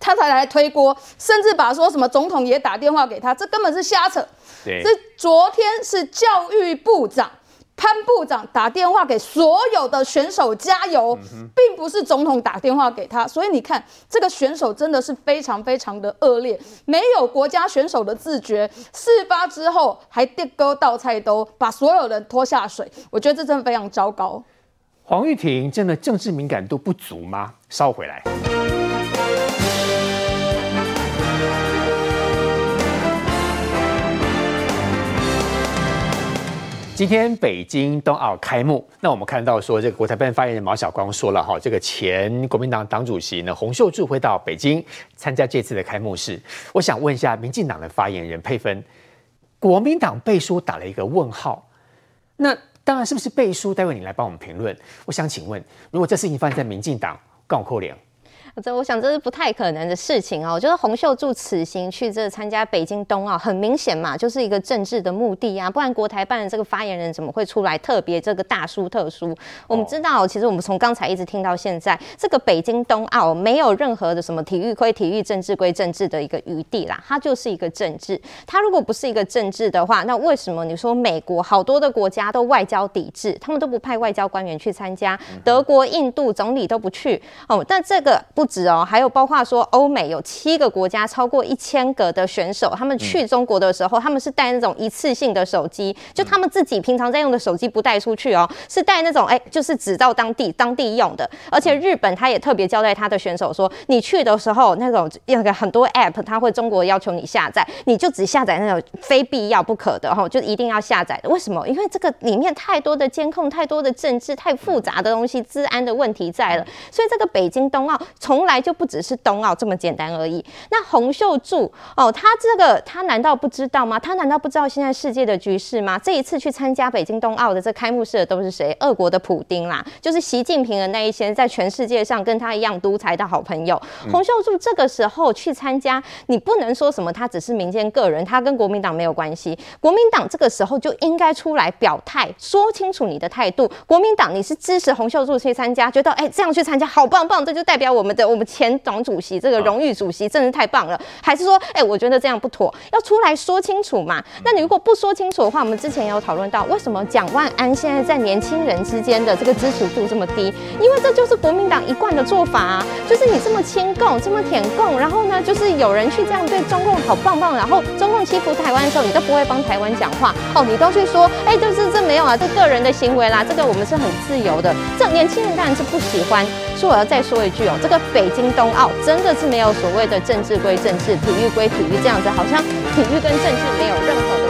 J: 他才來推鍋，甚至把說什麼總統也打電話給他，這根本是瞎扯。這對昨天是教育部長潘部長打電話給所有的選手加油，嗯、哼並不是總統打電話給他。所以你看，這個選手真的是非常非常的惡劣，沒有國家選手的自覺。事發之後還跌鍋倒菜，刀，把所有人拖下水。我覺得這真的非常糟糕。
A: 黃郁婷真的政治敏感度不足嗎？燒回來。今天北京冬奧開幕，那我們看到說，這個國台辦發言人毛曉光說了哈，這個前國民黨黨主席呢，洪秀柱會到北京參加這次的開幕式。我想問一下民進黨的發言人佩芬，國民黨背書打了一個問號，那當然是不是背書？待會你來幫我們評論。我想請問，如果這事情發生在民進黨，告我扣臉。
C: 這我想這是不太可能的事情哦。我覺得洪秀柱此行去這參加北京冬奧，很明顯嘛，就是一個政治的目的啊。不然國台辦的這個發言人怎麼會出來特別這個大書特書？哦、我們知道，其實我們從剛才一直聽到現在，這個北京冬奧沒有任何的什麼體育歸體育、政治歸政治的一個餘地啦。它就是一個政治。它如果不是一個政治的話，那為什麼你說美國好多的國家都外交抵制，他們都不派外交官員去參加？嗯、哼德國、印度總理都不去哦、喔。嗯、哼但這個不。只哦，還有包括說，歐美有七個國家超過一千個的選手，他們去中國的時候，他們是帶那種一次性的手機，就他們自己平常在用的手機不帶出去哦、喔，是帶那種哎、欸，就是只到當地當地用的。而且日本他也特別交代他的選手說，你去的時候那種有個很多 app 他會中國要求你下載，你就只下載那種非必要不可的哈，就一定要下載的。為什麼？因為這個裡面太多的監控，太多的政治，太複雜的東西，資安的問題在了。所以這個北京冬奧。從來就不只是冬奧這麼簡單而已。那洪秀柱哦，他這個他難道不知道嗎？他難道不知道現在世界的局勢嗎？這一次去參加北京冬奧的這開幕式的都是誰？俄國的普丁啦，就是習近平的那一些在全世界上跟他一樣獨裁的好朋友。嗯、洪秀柱這個時候去參加，你不能說什麼他只是民間個人，他跟國民黨沒有關係。國民黨這個時候就應該出來表態，說清楚你的態度。國民黨你是支持洪秀柱去參加，覺得哎、欸、這樣去參加好棒棒，這就代表我們。我們前總主席這個榮譽主席真是太棒了，還是說，哎，我覺得這樣不妥，要出來說清楚嘛？那你如果不說清楚的話，我們之前也有討論到，為什麼蔣萬安現在在年輕人之間的這個支持度這麼低？因為這就是國民黨一貫的做法，啊，就是你這麼親共，這麼舔共，然後呢，就是有人去這樣對中共好棒棒，然後中共欺負台灣的時候，你都不會幫台灣講話哦，你都去說，哎，就是這沒有啊，這個人的行為啦，這個我們是很自由的，這年輕人當然是不喜歡。所以我要再說一句哦，這個。北京冬奧真的是沒有所謂的政治歸政治，體育歸體育，這樣子好像體育跟政治沒有任何的。